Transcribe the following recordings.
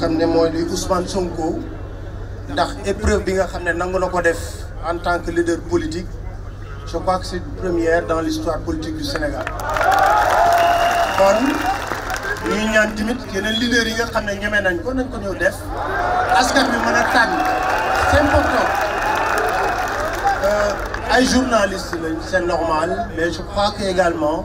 xamné ne mooy Ousmane Sonko ndax épreuve bi nga xamné nangu def en tant que leader politique je crois que c'est une première dans l'histoire politique du Sénégal kon ñi ñaan tamit yeneen leader yi nga xamné ñëmé nañ ko nañ ko ñëw def askan bi mëna tan c'est important euh, ay journalistes lañ c'est normal mais je crois que également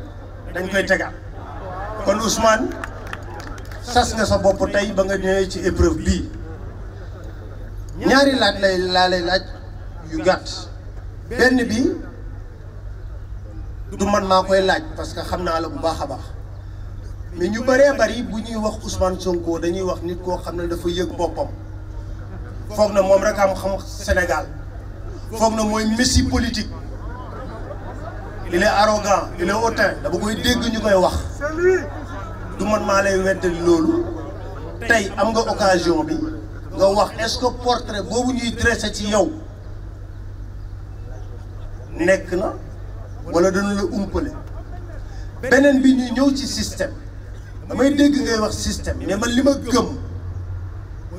dañ koy tegaat kon Ousmane sas nga sa bopp tey ba nga ñëwee ci épreuve bii ñaari laaj lay laa laaj yu gàtt benn bi du man maa koy laaj parce que xam naa la bu baax a baax mais ñu bëree bëri bu ñuy wax Ousmane Sonko dañuy wax nit koo xam ne dafa yëg boppam foog na moom rek am xam Sénégal foog na mooy messi politique il est arrogant il est hautain dama koy dégg ñu koy wax du man maa lay weddali Aujourd'hui, tey am nga occasion bi nga wax est-ce que portrait boobu ñuy dressé ci yow nekk na wala dañu la umpale beneen bi ñuy ñëw ci système damay dégg ngay wax système mais man que gëm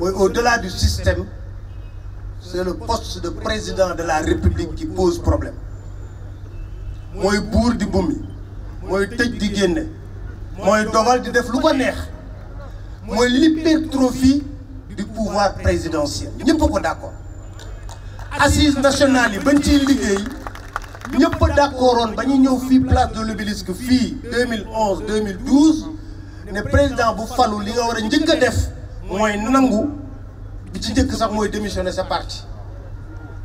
au-delà du système c'est le poste de président de la République qui pose problème moy bour di bumi moy tej di genné moy dogal di def lu ko neex moy l'hypertrophie du pouvoir présidentiel ñepp ko d'accord assise nationale yi bañ ci liggéey ñepp pas d'accord. ba fi place de l'Obélisque fi 2011 2012 né président bu fallu li nga wara a a def moy nangu bi ci njëkk sax moy démissionner sa parti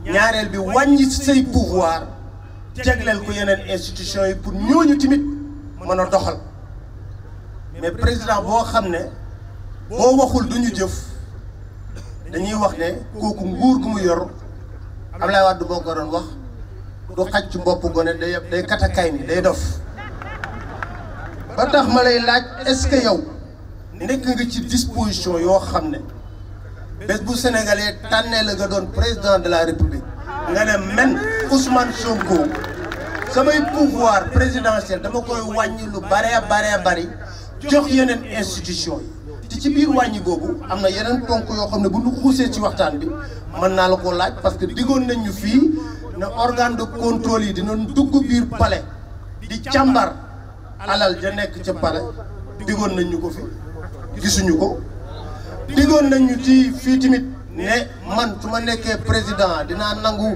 ñaarel bi wàññi say pouvoir jagleel ko yeneen institution pour doxal mais président boo vous ne waxul duñu jëf dañuy wax ne kooku nguur gu yor Ablaye Vous boo wax mbopp day day day dof ba tax laaj est-ce que yow nekk nga ci disposition yoo vous ne bu sénégalais la doon président de la république men Ousmane Sonko samay pouvoir présidentiel dama koy wàññi lu bare bare bari jox yeneen institution yi te ci biir wàññi boobu am na yeneen ponk yoo xam ne bu ñu xuusee ci waxtaan bi mën naa la koo laaj parce que diggoon nañ ñu fii ne organe de contrôle yi dina dugg biir palais di càmbar alal ja nekk ca palais diggoon nañ ñu ko fi gisuñu ko diggoon nañ ñu ci fii tamit ne man su ma nekkee président dinaa nangu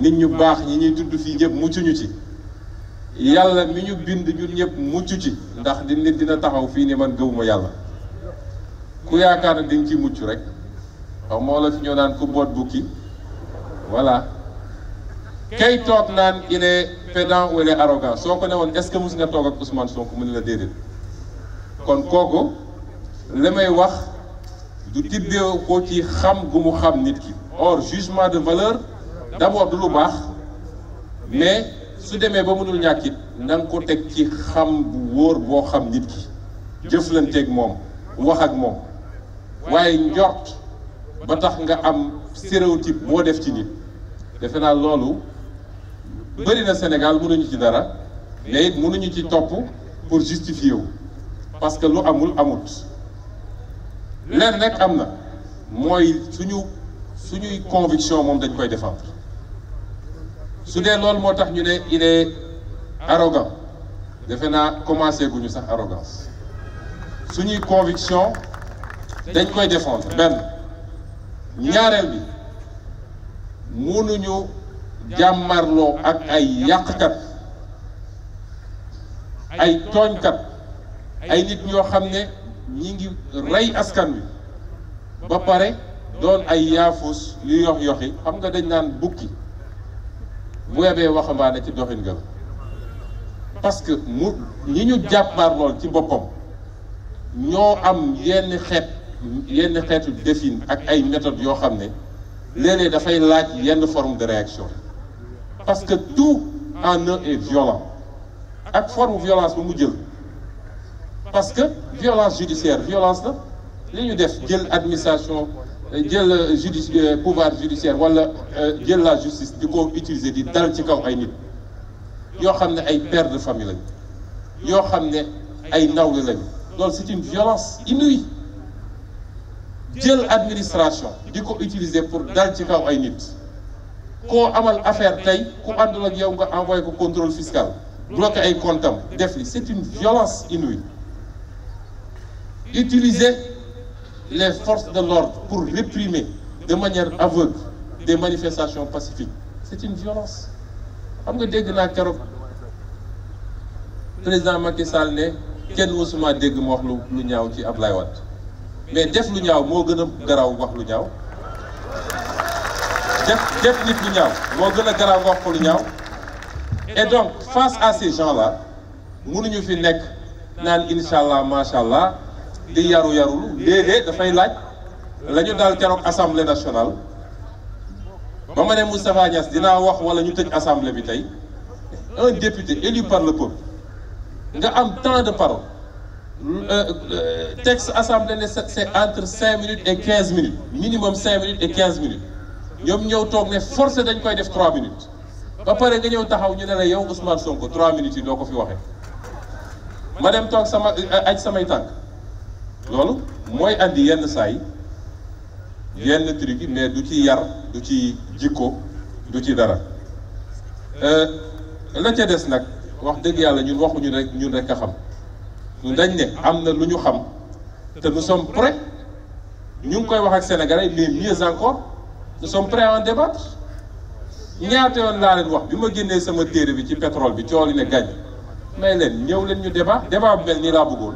nit ñu baax ñi ñuy tudd fii ñëpp muccuñu ci yàlla mi ñu bind ñun ñëpp mucc ci ndax di nit dina taxaw fii ni man gëwuma yàlla ku yaakaar na di ci mucc rek xaw moo la fi ñoo naan ku boot bukki voilà kay toog naan il est pédant ou soo ko ne woon est-ce que mus nga toog ak Ousmane Sonko mu ne la déedéet kon kooku li may wax du tibbee ko ci xam gu mu xam nit ki or jugement de valeur d'abord du lu bax mais su démé ba mënul ñàkk nang ko teg ci xam bu wóor boo xam nit ki jëflanteeg moom wax ak mom waye njort ba tax nga am stéréotype mo def ci nit defe na lolu bari na Sénégal mënuñu ci dara mais mënuñu ci top pour justifier parce que lu amul amut leen nek amna moy mooy suñu suñuy conviction mom dañ koy défendre su lol motax ñu il est arrogant defe naa commencé guñu sax arrogance suñuy conviction dañ koy défendre ben ñaarël bi jamarlo ak ay ay kat ay nit ñoo xamné ñi ngi rey askan bi ba doon bu yebee waxambaane ci doxin nga la parce que mu ñi ñu jàppaar lool ci boppam ñoo am yenn xeet yenn xeetu défin ak ay méthodes yoo xam ne léeg-léeg laaj yenn forme de réaction parce que tout en est violent ak forme violence bu mu jël parce que violence judiciaire violence la li ñu def jël administration euh, jël euh, judiciaire euh, pouvoir judiciaire wala jël la justice di ko utiliser di dal ci kaw ay nit yoo xam ay de famille lañ yoo xam ne ay nawle lañ c'est une violence inouïe jël administration di ko utiliser pour dal ci kaw ay nit koo amal affaire tey ku àndul ak yow nga envoyé ko contrôle fiscal bloqué ay comptes def c'est une violence inouïe utiliser les forces de l'ordre pour réprimer de manière aveugle des manifestations pacifiques, c'est une violence. ne nga pas naa keroog président Macky Sall ne kenn mësuma dégg ma wax lu ñaaw ci Ablaye Wade mais def lu ñaaw moo gën a garaaw wax lu ñaaw def def nit lu ñaaw moo a wax lu et donc face à ces gens là mënuñu fi nekk naan incha allah di yaru yarul déedéet dafay laaj la daal keroog assemblée nationale ba ma ne Moustapha Niass dinaa wax wala ñu tëj assemblée bi tey un député élu par le peuple nga am temps de parole euh, texte assemblée ne c'est entre cinq minutes et quinze minutes minimum cinq minutes et quinze minutes ñoom ñëw toog ne forcé dañ koy def trois minutes ba pare nga ñëw taxaw ñu ne la yow Ousmane Sonko trois minutes yi doo ko fi waxee ma dem toog sama euh, aj samay tànk loolu mooy indi yenn saa yi yenn truc yi mais du ci yar du ci jikko du ci dara euh, la ca des nag wax dëgg yàlla ñun waxuñu rek ñun rek a xam ñun dañ ne am na lu ñu xam te nous sommes prêts ñu ngi koy wax ak sénégalais mais mieux encore nous sommes prêts à en débattre ñaata yoon laa leen wax bi ma génnee sama téere bi ci pétrole bi coow li ne gàññ may leen ñëw leen ñu débat débat bu mel nii laa bëggoon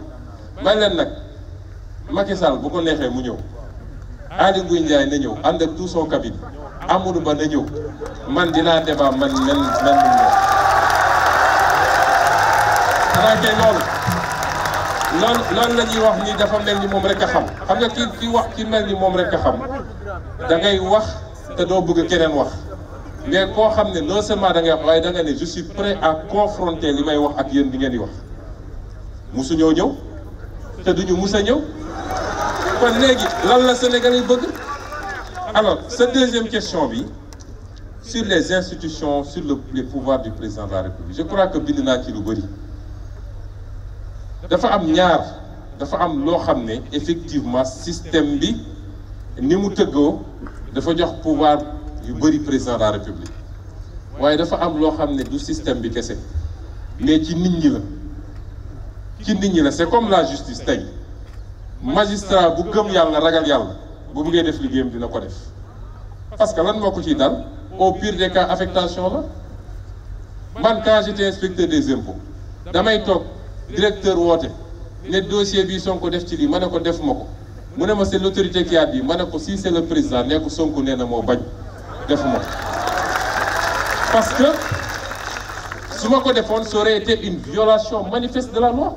may leen nag. Macky Sall bu ko neexee mu ñëw Aly Ngouille Ndiaye na ñëw ànd ak tout son cabinet Ba na ñëw man dinaa débat man man man mu ñëw xanaa kay loolu loolu loolu la ñuy wax ni dafa mel ni moom rek a xam xam nga ki wax moom rek a xam da wax te doo bëgg keneen wax mais koo xam ne non seulement da ngay wax waaye da nga ne je suis prêt confronter li may wax ak yéen bi ngeen di wax musu ñoo ñëw te duñu mus ñëw alors cette deuxième question sur les institutions sur le les pouvoirs du président de la République je crois que bind naa ci lu bëri dafa am ñaar am effectivement système bi pouvoir yu président de la République waaye dafa am loo du système bi mais ci la c'est comme la justice magistrat bu gëm yàlla ragal yàlla bu bëggee def liggéeyam dina ko def parce que lan moo ko ciy dal au pire des cas affectation la man quand j'étais inspecteur des impôts damay toog directeur woote ne dossier bi Sonko def ci lii ma ne ko def ma ko mu ne ma c'est l'autorité qui a dit ma ne ko si c'est le président nee ko Sonko nee na moo bañ def ma parce que su ma ko defoon ça aurait été une violation manifeste de la loi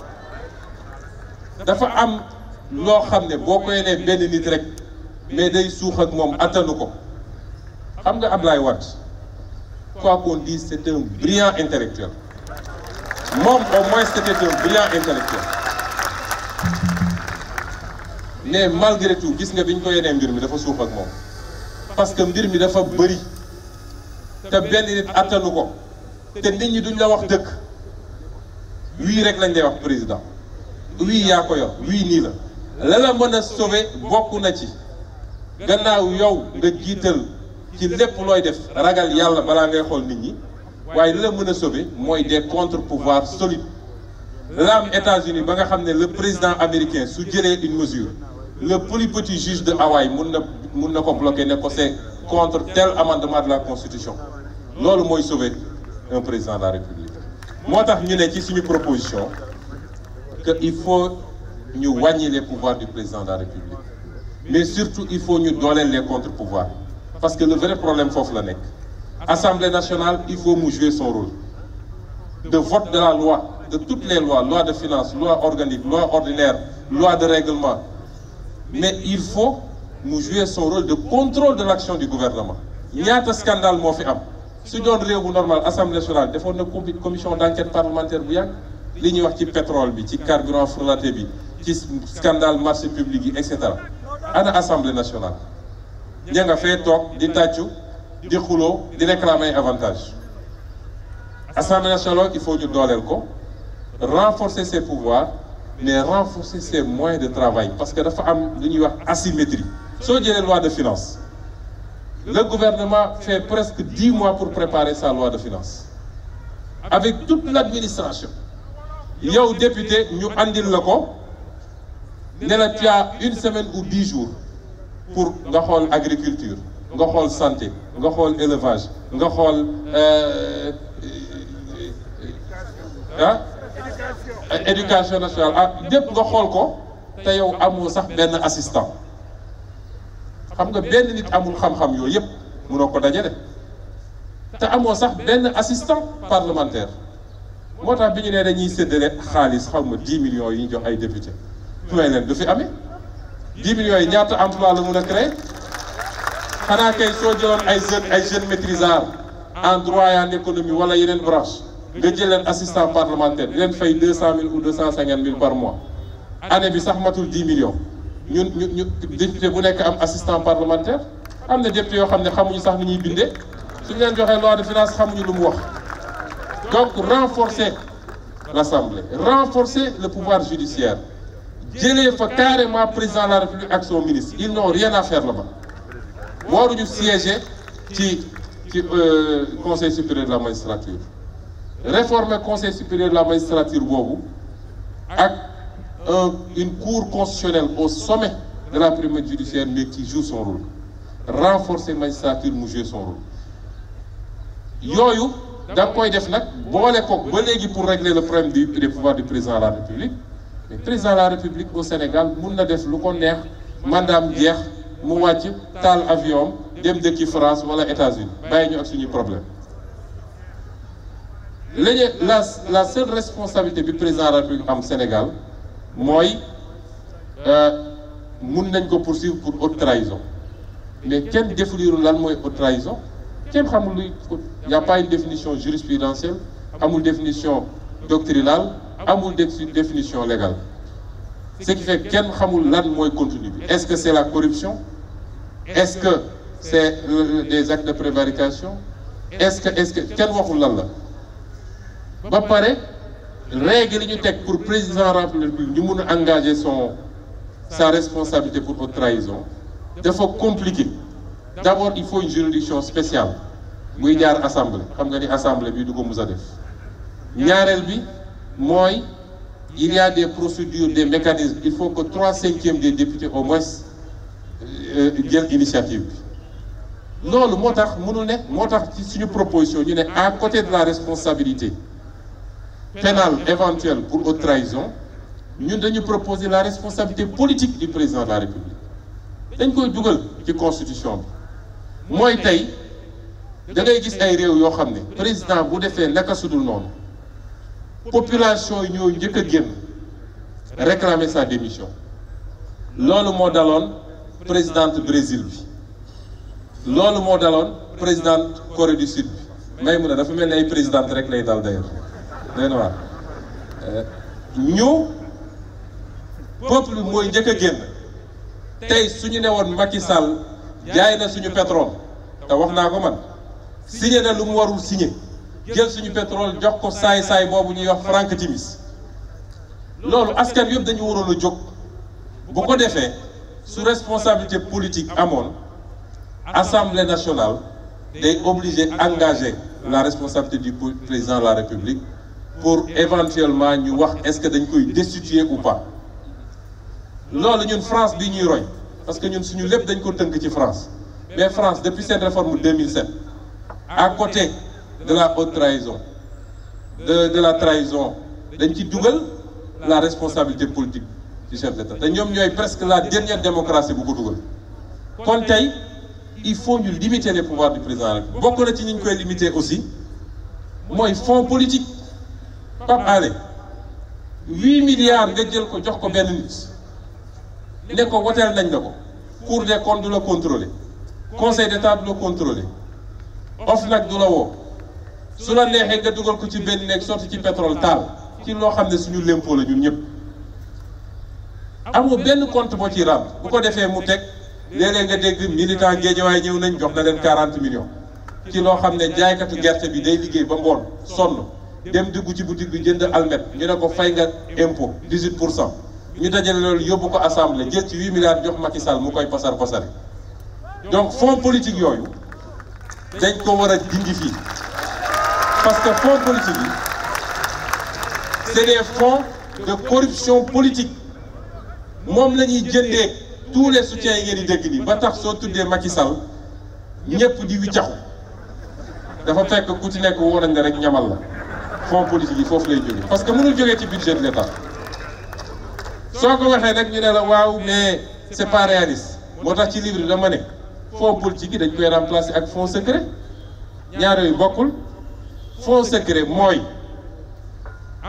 dafa am loo xam ne boo nit rek mais day ak quoi qu'on dise c'est un brillant intellectuel moom au moins c'était un brillant intellectuel mais malgré tout gis nga biñ mbir mi dafa suux ak parce que mbir mi dafa bëri te benn nit que ko te nit ñi duñ la wax dëkk rek lañ lay wax président oui a ko yor wii nii la la la meuna sauver beaucoup na ci gannaaw yow nga jiital ci lepp loy def ragal yalla bala ngay xol nit ñi waye la meuna sauver moy des contre-pouvoirs solides la des États-Unis ba nga le président américain su une mesure le plus petit juge de Hawaï mun peut ko bloquer ko contre tel amendement de la constitution loolu mooy sauver un président de la république Moi, je ñu ne ci suñu proposition qu'il faut nous les pouvoirs du président de la République mais surtout il faut nous donner les contre-pouvoirs parce que le vrai problème c'est la Assemblée nationale il faut nous jouer son rôle de vote de la loi de toutes les lois loi de finances loi organique loi ordinaire loi de règlement mais il faut jouer son rôle de contrôle de l'action du gouvernement Il y scandale un fi am Si Si on au normal Assemblée nationale faut une commission d'enquête parlementaire li qui wax ci pétrole bi ci carburant frelaté bi ci scandale marché public yi À l'Assemblée ana assemblée nationale ña nga fee des di des di des di réclamer avantage assemblée nationale il faut ñu dooleel ko renforcer ses pouvoirs mais renforcer ses moyens de travail parce que dafa am une ñuy wax asymétrie soo jëlee loi de finances le gouvernement fait presque 10 mois pour préparer sa loi de finances avec toute l'administration yow député ñu andil la ko ne la tu as une semaine ou dix jours pour nga xol agriculture nga xol santé nga xol élevage nga xool ah éducation nationale ah lépp nga xol ko té yow amu sax ben assistant xam nga ben nit amul xam-xam yoyep mëno ko dajé dé té amoo sax ben assistant parlementaire moo je suis dañuy 10 millions de ñu jox ay député 10 millions yi emploi la créé jeunes ay en droit en économie wala branche des assistant parlementaire ont fait 200 000 ou 000 par mois année bi sax 10 millions ñun ñu député assistant parlementaire avez un député qui sax ni ñuy suñu loi de finance donc renforcer l'Assemblée, renforcer le pouvoir judiciaire. jëlee carrément carrément président de la République avec son ministre ils n'ont rien à faire là-bas du siéger le euh, conseil supérieur de la magistrature réformer le conseil supérieur de la magistrature une cour constitutionnelle au sommet de la primaire judiciaire mais qui joue son rôle renforcer magistrature nous son rôle Yoyo d'accord, il koy def nag pour régler le problème du pouvoir du président de la république mais président de la république au Sénégal il na def lu ko neex mandaam jeex mu avion dem dëkki France wala États-Unis bàyyi ñu ak de problème la la seule responsabilité du président de la république au Sénégal c'est euh, de nañ poursuivre pour haute trahison mais qui défaut lan mooy haute trahison il n'y y' a pas une définition jurisprudentielle une définition doctrinale une définition légale ce qui fait kenn est-ce que c'est la corruption est-ce que c'est des actes de prévarication est-ce que est-ce que kenn waxul lan la règle pour président république ñu engager son sa responsabilité pour votre trahison faut compliqué d'abord il faut une juridiction spéciale Il y assemblée xam nga a il y a des procédures des mécanismes il faut que trois cinquièmes des députés au moins viennent euh, initiative Non, nous avons proposition à côté de la responsabilité pénale éventuelle pour haute trahison nous devons proposer la responsabilité politique du président de la république dañ koy constitution moy tay da ngay gis ay réew yoo xam président bu defee population ñoo njëkk a génn réclamer sa démission loolu moo daloon présidente Brésil bi loolu moo daloon présidente Corée du Sud bi may dafa mel ay présidente rek lay dal d'ailleurs day euh, ñu peuple mooy njëkk a génn tey Macky Sall jaay na suñu pétrole te wax naa ko man signé na lu mu warul signé jël suñu pétrole jox ko saay-saay boobu ñuy wax Frank Timis loolu askan yëpp dañu waroon a jóg bu ko defee Sous responsabilité politique amoon assemblée nationale day obligé engager la responsabilité du président de la république pour éventuellement ñu wax est-ce que dañ koy destituer ou pas loolu ñun France bi ñuy roy parce que nous sommes tous dañ ko de ci France mais France depuis cette réforme de 2007 à côté de la haute trahison de la trahison nous avons la responsabilité politique du chef d'État Nous sommes presque la dernière démocratie pour nous. dugal il faut limiter les pouvoirs du président beaucoup de gens ci limités aussi. koy limiter aussi politique Comme Alé 8 milliards de jël ko jox les ko woteel la cour des comptes la contrôler conseil d'état du contrôler of do la woo la neexee de dugal ko ci pétrole taal ci la ñun compte que ci ram bu ko mu 40 millions qui nous ont ne jaaykatu gerte bi day liggéey ba ngoon sonn dem dugg ci boutique 18 ñu dajale loolu yóbbu ko 8 milliards de Macky Sall koy donc fonds politique ko parce que fonds politique c'est des fonds de corruption politique moom la tous les soutiens yi ngeen di ba tax soo tuddee Macky Sall di dafa ku ci la fonds politique lay parce que nous avons ci budget de l'État soo ko rek ñu néla la waaw mais c'est pas réaliste motax ci livre dama né fonds politique dañ koy remplacer ak fonds secret ñaar yooyu bokkul fonds secret moy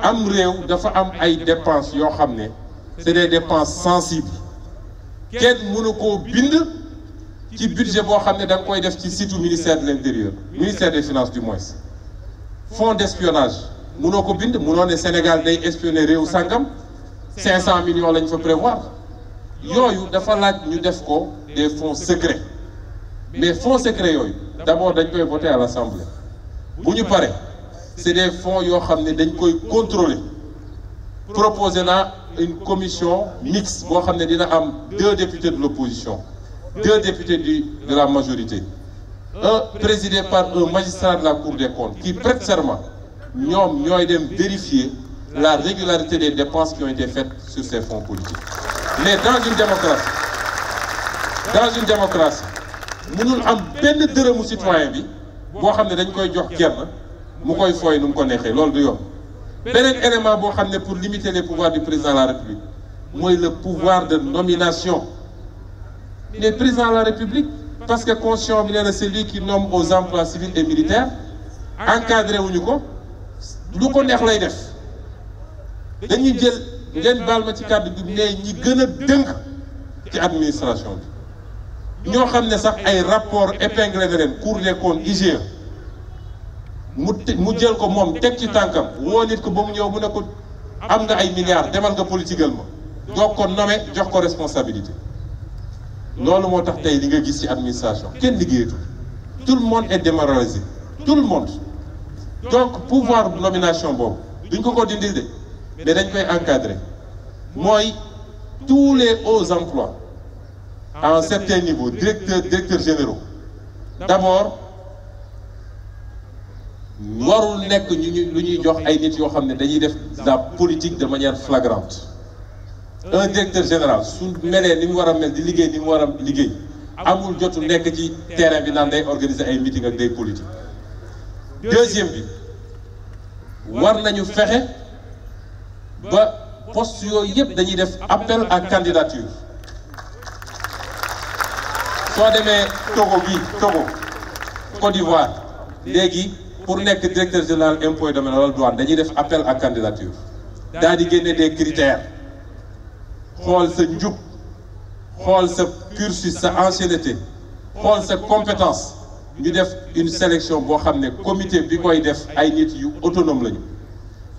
am rew dafa am ay dépenses yo xamné ne c'est des dépenses sensibles kenn mënu ko bind ci budget bo xamné ne koy def ci site ministère de l'intérieur ministère des finances du moins fonds d'espionnage mënoo ko bind mënoo ne Sénégal day espionner rew sangam. 500 millions il faut prévoir Il dafa laaj des fonds secrets mais fonds secrets d'abord dañ koy voter à l'Assemblée Vous nous parlez. c'est des fonds que nous avons contrôlés. koy une commission mixte Nous avons deux députés de l'opposition deux députés de la majorité un présidé par un magistrat de la Cour des comptes qui prête serment Nous vérifier la régularité des dépenses qui ont été faites sur ces fonds politiques. Mais dans une démocratie, dans une démocratie, nous avons benn de citoyen bi citoyens xam ne dañ koy jox kenn mu koy fooy nous mu ko neexee loolu du élément pour limiter les pouvoirs du président de la république C'est le pouvoir de nomination Le président de la république parce que est conscient c'est lui qui nomme aux emplois civils et militaires encadré nous ko nous ko neex lay nous jël ngeen baal ci bi rapport épinglé leen cour des comptes IGE mu mu jël ko moom teg ci tànkam woo nit ko ba mu ñëw am nga ay milliards demal nga ma jox ko responsabilité loolu moo administration tout le monde est démoralisé tout le monde donc pouvoir nomination boobu duñ ko ko mais dañ koy encadrer Moi, tous les hauts emplois à un certain niveau directeur directeur généraux d'abord nous nekk ñu ñu lu ñuy jox ay nit la politique de manière flagrante un directeur général sous melee ni nous war a mel di liggéey ni mu war amul jotu nekk ci terrain bi organiser ay meeting ak des politique deuxième bi war nañu ba poste yooyu yëpp dañuy def appel à candidature soo demee Togo bi Togo Côte d'Ivoire léegi pour nekk directeur général impôt domaine wala douane dañuy def appel à candidature daal di génne des critères xool sa njub xool sa cursus sa ancienneté xool sa compétence ñu def une sélection boo xam ne comité bi koy def ay nit yu autonome lañu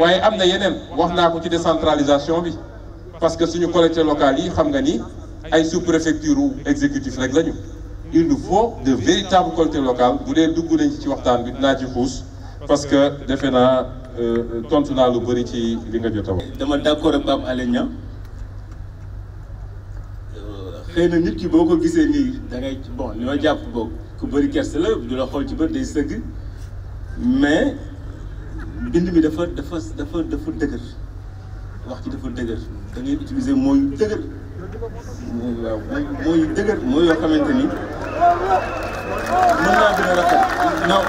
waaye am na yeneen wax naa ko ci décentralisation bi parce que suñu collectivités locales yi xam nga ni ay sous-préfecture ou exécutif rek lañu il nous faut de véritables collectivités locales bu dee dugg nañ ci waxtaan bi dinaa ci xuus parce que defe naa euh, euh, tontu naa lu bëri ci li nga jot a wax. dama d'accord ak Pape Alé Niang euh, xëy na nit ki boo ko gisee da ngay bon li ma jàpp boobu ku bëri kerse la du la xool ci bët day sëgg mais. bind mi dafa dafa dafa dafa dëgër wax ci dafa dëgër da ngay utiliser mooy dëgër waaw mooy dëgër mooy yoo xamante ni mën naa gën a rafet non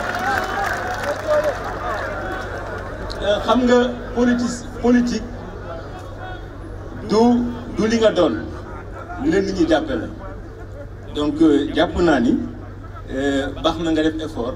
euh, xam nga politique politique du du li nga doon li leen nit ñi jàppe la donc euh, jàpp naa ni euh, baax na nga def effort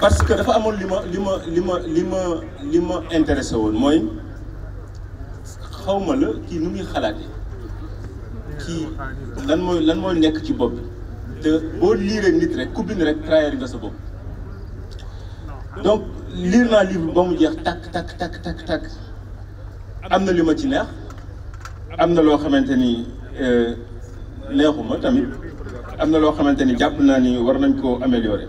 parce que dafa amone lima lima lima lima lima intéressé woon moy xawma la ki nu muy xalaatee kii lan moy lan moy nek ci bop bi te bo lire nit rek ku bind rek trahir nga sa bop donc lire na livre ba mu jeex tak tak tak tak tak amna lima ci neex amna lo xamanteni euh ni neexuma tamit amna lo xamanteni japp na ni war nañ ko améliorer.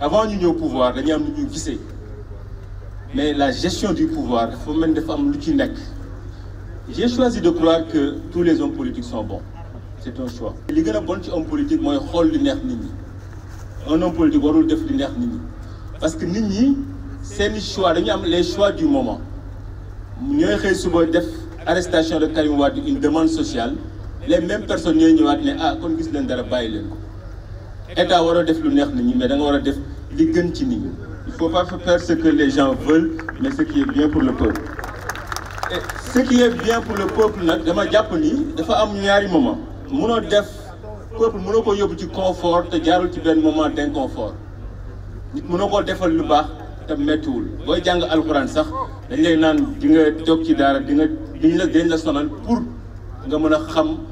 avant ñu au pouvoir nous am qui ñuy mais la gestion du pouvoir il faut même am lu ci nekk j'ai choisi de croire que tous les hommes politiques sont bons c'est un choix li gën bon ci homme politique mooy xool li neex nit un homme politique warul def li neex nit ñi parce que nit c'est le choix dañu am les choix du moment Nous avons suba def arrestation de Karim Wad, une demande sociale les mêmes personnes qui ñëwaat ne ah comme gis leen dara bàyyi état wara def lu neex mais da nga il faut pas faire ce que les gens veulent mais ce qui est bien pour le peuple ce qui est bien pour le peuple dama ni moment pour def peuple ko ci confort te jaarul ci moment d'inconfort nit defal lu baax te sax dañ lay di nga ci di pour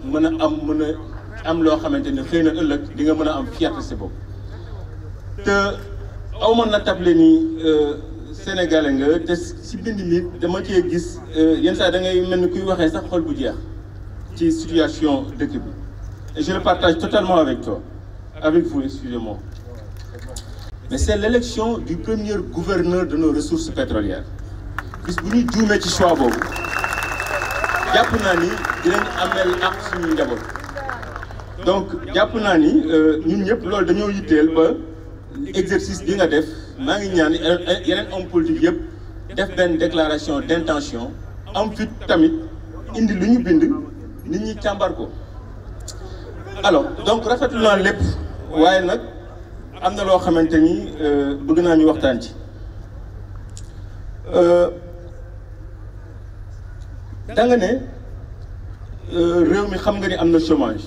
nga am loo xamante ne xëy na ëllëg di nga mën a am fierté si bopp te aw mën na table nii euh, sénégalais nga te si bind mi dama cee gis euh, yenn saa da ngay mel ni kuy waxee sax xol bu jeex ci situation dëkk bi et je le partage totalement avec toi avec vous excusez-moi mais c'est l'élection du premier gouverneur de nos ressources pétrolières bis bu ñuy juumee ci choix boobu jàpp naa ni dinañ amel ak suñu njaboot donc jàpp naa ni euh, ñun ñëpp loolu dañoo yitteel ba exercice bi nga def maa ngi ñaan yeneen homme politique yëpp def benn déclaration d'intention am fit tamit indi lu ñu bind nit ñi càmbar ko alors donc rafetlu na lépp waaye nak, amna na loo xamante ni euh, bëgg naa ñu waxtaan ci euh, da nga ne réew mi xam nga ni am chômage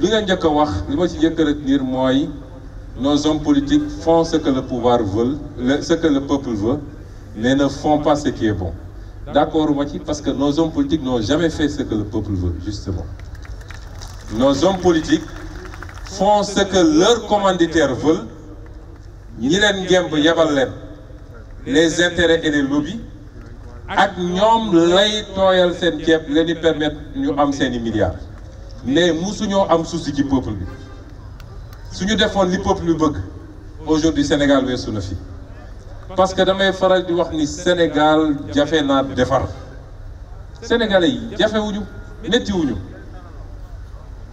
Nous avons retenu que nos hommes politiques font ce que le pouvoir veut ce que le peuple veut mais ne font pas ce qui est bon d'accord parce que nos hommes politiques n'ont jamais fait ce que le peuple veut justement nos hommes politiques font ce que leurs commanditaires veulent ñi les intérêts et les lobbies et ils ont tooyal permettent qui milliards Ne mou sou nyon amsousi ki popol li. Sou nyon defon li popol li beg. Ojo di Senegal we sou na fi. Paske damen ferej di wak ni Senegal jafe nan defar. Senegal e yi, jafe ou nyon, meti ou nyon.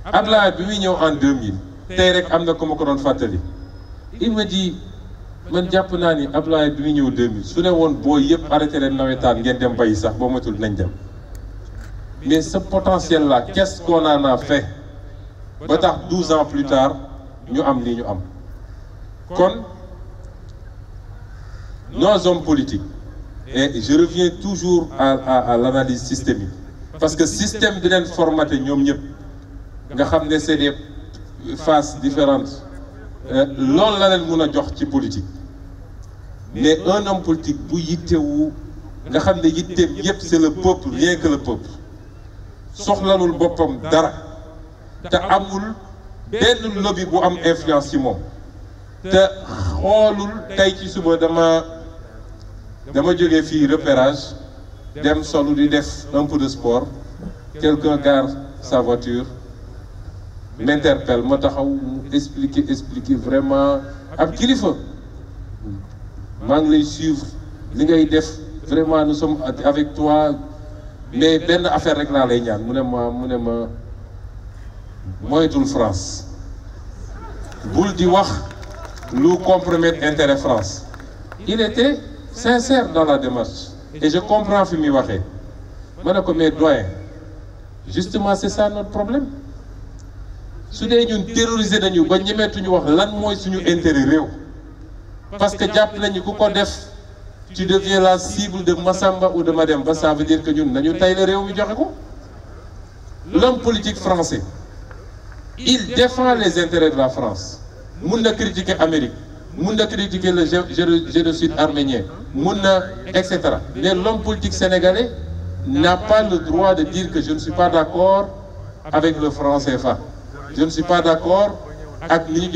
Abla e Bwinyo an 2000, teyrek amnen komokoron fateli. Il me di, men diap nan ni Abla e Bwinyo 2000, sou ne won bo yip arete ren nan wetan gen dem bayi sa, bon metou l nen jem. Mais ce potentiel-là, qu'est-ce qu'on en a fait 12 ans plus tard, nous sommes li nos hommes politiques, et je reviens toujours à, l'analyse systémique, parce que le système de l'informatique, nous c'est des faces différentes. Nous euh, la nous mën jox politique mais un homme politique bu c'est le peuple rien que le peuple bopam dara te amul bu am influence te ci suba dama dama repérage dem di un peu de sport quelqu'un garde sa voiture m'interpelle ma taxaw expliquer vraiment ab kilifa suivre ngay def vraiment nous sommes avec toi mais benn affaire rek la lay ñaan mu ne ma mu ne ma moytul France bul di wax lu compromettre intérêt France il était sincère dans la démarche et je comprends fi muy waxee ma ne ko mais doyen justement c'est ça notre problème su dee ñun terroriser nañu ba ñemeetuñu wax lan mooy suñu intérêt réew parce que jàpp nañu ku ko def tu deviens la cible de Massamba ou de Madame Ba ça veut dire que nous n'avons pas le réew l'homme politique français il défend les intérêts de la France Il critique l'Amérique, l'Amérique le génocide arménien etc. etc. mais l'homme politique sénégalais n'a pas le droit de dire que je ne suis pas d'accord avec le franc CFA je ne suis pas d'accord avec l'économie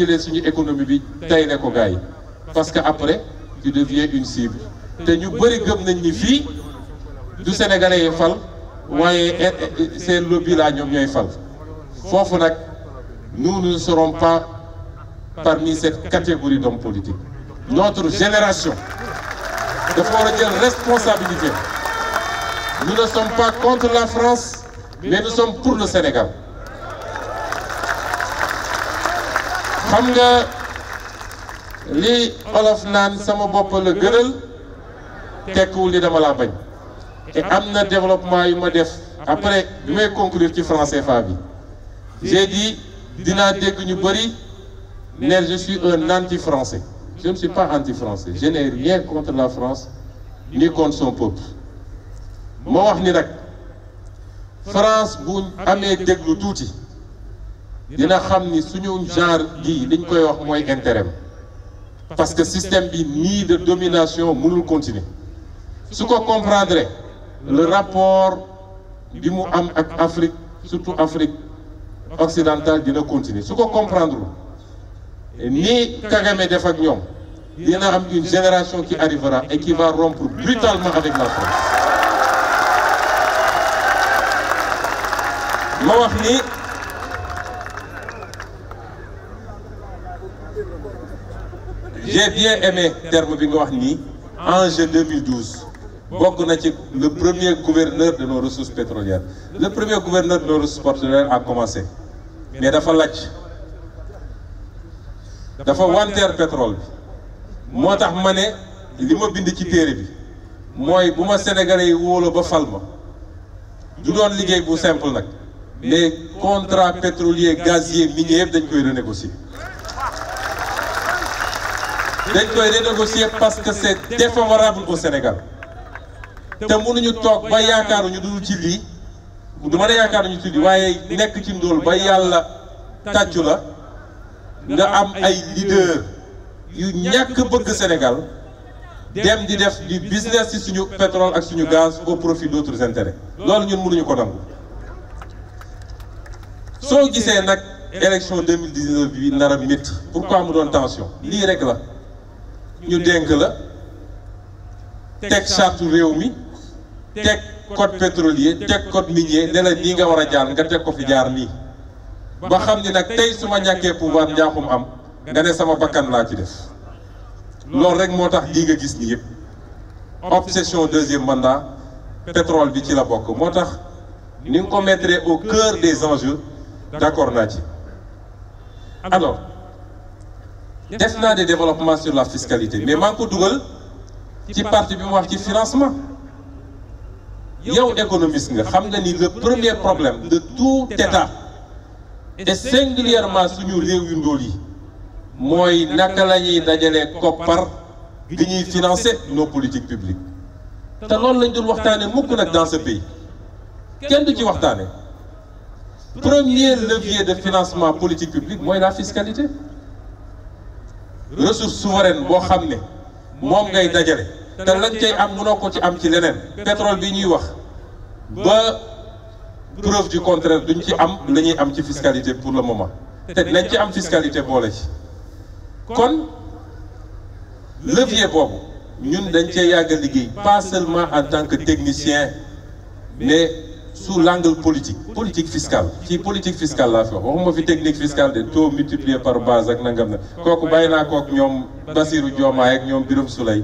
de jëlee suñu parce qu'après, tu deviens une cible te ñu bëri gëm nañ ni fii du sénégalais yi fal waaye eh, eh, eh, seen lobby laa ñoom ñooy fal foofu nag nous ne serons pas parmi cette catégorie d'hommes politiques notre génération dafa war a jël responsabilité nous ne sommes pas contre la France mais nous sommes pour le Sénégal xam nga li olof naan sama bopp la gënal tekkiwul ni dama laa bañ te développement yu ma après bi may conclure ci français fa bi j'ai dit dinaa dégg ñu bëri ne je suis un anti-français je ne suis pas anti-français je n'ai rien contre la France ni contre son peuple moi wax ni nag France bu amee déglu tuuti dina xam ni suñu genre un liñ koy wax mooy intérêt parce que système bi nii de domination mënul continuer ce qu'on comprendrait, le rapport du mot am Afrique surtout Afrique occidentale dina continuer Ce qu'on comprendre ni Kagame de ak y dina a une génération qui arrivera et qui va rompre brutalement avec la France. j'ai bien aimé terme bi en juin 2012 bokk na ci le premier gouverneur de nos ressources pétrolières le premier gouverneur de nos ressources pétrolières a commencé mais dafa lacc dafa wanteer pétrole bi moo tax ma ne li ma bind ci de bi mooy Je suis sénégalais yi wóolo ba fal ma du doon liggéey bu simple nag mais contrat pétrolier gazier minier dañ koy renégocier dañ koy renégocier parce que c'est défavorable au Sénégal te mënuñu toog ba ñu dul ci lii du ma a yaakaaruñu ci lii waaye nekk ci ndóol ba yàlla tàccu la nga am ay leader yu ñàkk bëgg Sénégal dem di def di business ci suñu pétrole ak suñu gaz au profit d'autres intérêts loolu ñun mënuñu ko nangu soo gisee nag élection 2019 bi nar a métti pourquoi mu doon tension lii rek la ñu dénk la teg charte réew mi tek code pétrolier tek code minier ne la nii nga war jaar nga tek ko fi jaar ni ba xam ni nag tey su ma ñàkkee pouvoir njaaxum am nga né sama bakkan la ci def lool rek motax tax nga gis nii yépp obsession deuxième mandat pétrole bi ci la bok motax ni nga ko mettre au cœur des enjeux d'accord na ci alors def na des développements sur la fiscalité mais man ko dougal ci partie bi mu wax ci financement yow économiste nga xam nga ni le premier problème de tout état et singulièrement suñu réew yu ndol yi moy naka la ñuy dajalee financer nos politiques publiques Nous loolu lañ dul waxtané mukk dans ce pays kenn du ci waxtané premier levier de financement politique publique c'est la fiscalité ressource souveraine souveraines, xamné mom ngay dajalé te lañ cay am mënoo ko ci am ci leneen pétrole bi ñuy wax ba preuve du contraire duñ ci am la ñuy am ci fiscalité pour le moment te nañ ci am fiscalité boole ci kon levier boobu ñun dañ cee yàgg a liggéey pas seulement en tant que technicien mais sous l'angle politique politique fiscale ci politique fiscale laa fi wax waxuma fi technique fiscale de taux multiplié par base ak nangam na kooku bàyyi naa kook ñoom Basirou diomaay ak ñoom Birame soulay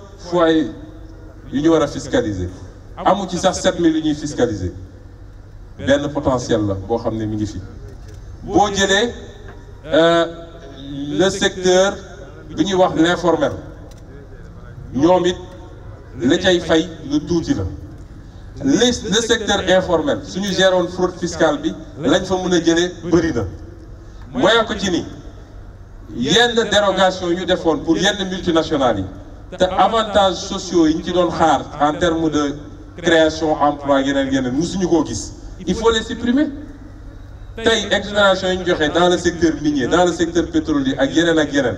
fois, yu ñu war a fiscaliser amu ci sax 7000 yu ñuy fiscaliser benn potentiel la boo xam Pour mi ngi le secteur informel nous avons la le fay le secteur informel gérons une fraude fiscale nous lañ fa mën a jëlee bëri na. mooy ci ni dérogation pour les multinationales les avantages sociaux yi ci xaar en terme de création emploi yeneen yeneen musuñu koo gis il faut les supprimer tey exonération yi ñu dans le secteur minier dans le secteur pétrolier ak yeneen ak yeneen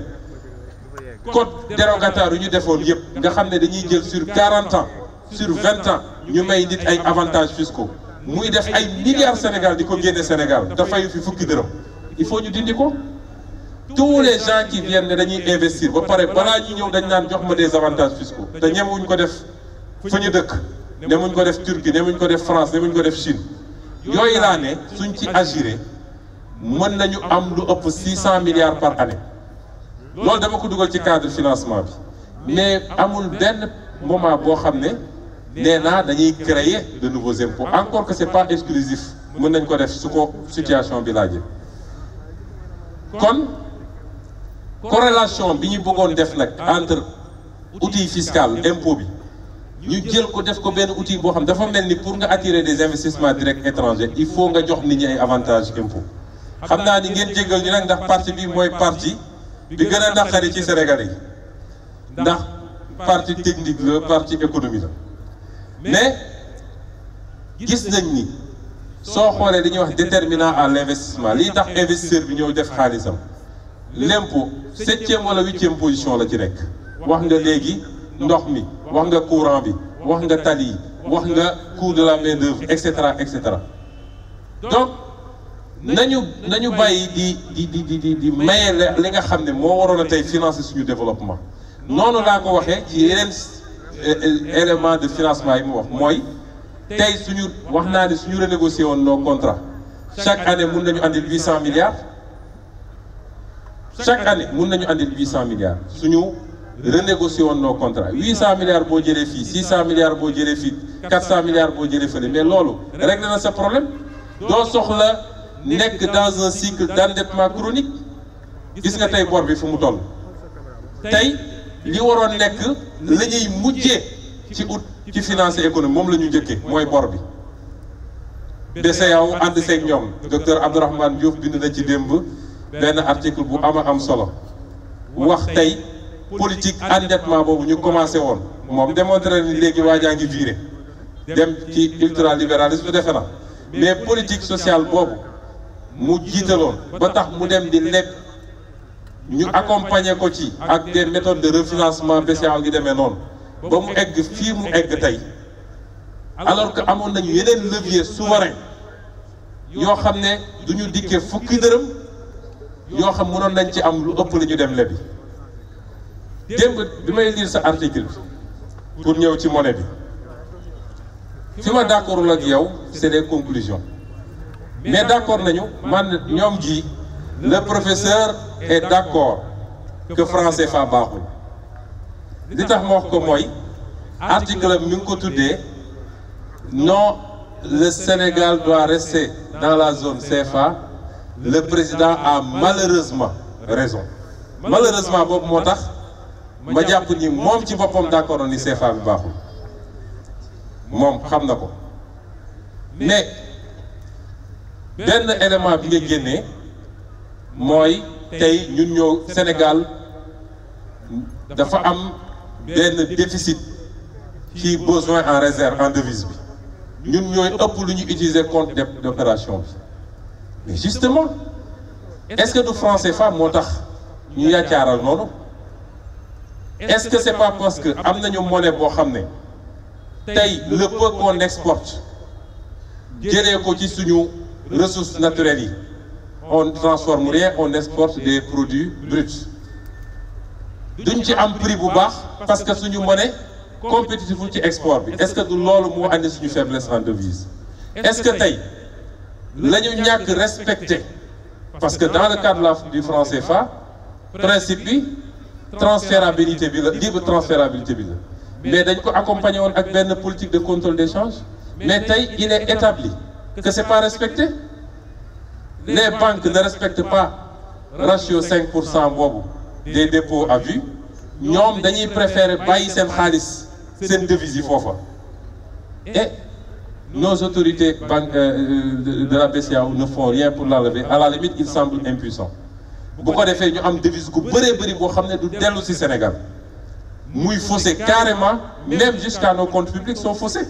code dérogatoire yu ñu defoon yëpp nga dañuy jël sur 40 ans sur 20 ans ñu may nit ay avantages fiscaux muy def ay milliards Sénégal di ko Sénégal te fayu fi fukki dërëm il faut ñu dindi quoi tous les gens qui viennent ne dañuy investir Vous paré balaa ñuy ñëw dañ naan jox ma des avantages fiscaux te ñemewuñ ko def fu ñu dëkk ñemewuñ ko def Turquie ñemewuñ ko def France ñemewuñ ko def Chine yooyu la né suñ ci agiré mën nañu am lu ëpp 600 milliards par année lool dama ko duggal ci cadre financement bi mais amul ben moment bo xamné néna dañuy créer de nouveaux impôts encore que c'est pas exclusif mën nañ ko def su ko situation bi laajee kon corrélation bi ñu bëggoon def nag entre outil fiscal impôt bi ñu jël ko def ko benn outil boo xam dafa mel ni pour nga attirer des investissements directs étrangers il faut nga jox nit ñi ay avantages impôt xam naa ni ngeen jégal ñu nag ndax parti bi mooy parti bi gën a naqari ci Sénégalais yi ndax parti technique la parti économie la mais gis nañ ni soo xoolee dañuy wax déterminant à l' investissement lii tax investisseur bi ñëw def xaalisam l'impôt septième wala huitième position la ci nekk wax nga léegi ndox mi wax nga courant bi wax nga tali yi wax nga coût de la main d'œuvre etc., etc. et cetera donc nañu nañu bàyyi di di di di di maye li nga xam ne moo waroon a tey financer suñu développement noonu laa ko waxee ci yeneen euh, élément de financement yi mu wax mooy tey suñu wax naa suñu renégocier woon nos contrats chaque année mun nañu andi 800 milliards chaque année, nous avons 800 milliards. Nous renégocions nos contrats. 800 milliards pour gérer 600 milliards pour gérer 400 milliards pour gérer Mais lolo, dans ce problème. Dans ce là, nous dans un cycle d'endettement chronique. Vous voyez ce qu'il y a aujourd'hui Aujourd'hui, ce qu'il y a, c'est que nous sommes venus à l'autre qui finance l'économie. C'est ce qu'il y a, c'est le bord. Le BCAO, Andesek un Dr. Abdurrahman Diouf, qui est venu à l'autre, benn article bu am am solo wax tey politique endettement boobu ñu commencé woon moom démontré ni léegi waa jaa ngi viré dem ci ultralibéralisme defe na mais politique sociale boobu mu jiitaloon ba tax mu dem di lekk ñu accompagner ko ci ak des méthodes de refinancement BCEAO ngi demee noonu ba mu egg fii mu egg tey alors que amoon nañu yeneen levier souverain ñoo xam ne duñu ñu dikkee fukki dërëm yoo xam mënoon nañ ci am lu ëpp lu ñu dem bi démb bi may lire sa article pour ñëw ci monnaie bi fi ma d'accordul ak yow c'est des conclusions mais d'accord nañu man ñoom ji le professeur est d'accord que franc CFA baaxul li tax ma wax ko mooy article mi ngi ko tuddee non le Sénégal doit rester dans la zone CFA le président a malheureusement raison malheureusement je ne tax pas jàpp ni moom ci boppam d'accord ni CFA femmes. baaxul ne xam pas mais un élément bi nga génnee c'est que ñun au Sénégal dafa am benn déficit ci besoin en réserve en devise Nous ñun un peu utiliser le compte d'opération mais justement est-ce que nous Français nous moo ñu non? est-ce que c'est pas parce que avons une monnaie pour le peu qu'on exporte gérer ko ressources naturelles on transforme rien on exporte des produits bruts Nous ci un prix bu baax parce que suñu monnaie compétitive ci exporte. est-ce que nous, nous une faiblesse en devise est-ce que nous ñu que respecté parce que dans le cadre du franc CFA principe transférabilité libre transférabilité mais accompagné une politique de contrôle d'échange mais il est établi que c'est pas respecté les banques ne respectent pas ratio 5 des dépôts à vue Nous dañuy préférer bàyyi c'est une devise nos autorités euh, euh, de la BCEAO ne font rien pour l'enlever à la limite ils semblent impuissants bu ko faits ñu am devise gu bëree bëri boo xam ne du dellu ci Sénégal muy faussé carrément même jusqu'à nos comptes publics sont faussés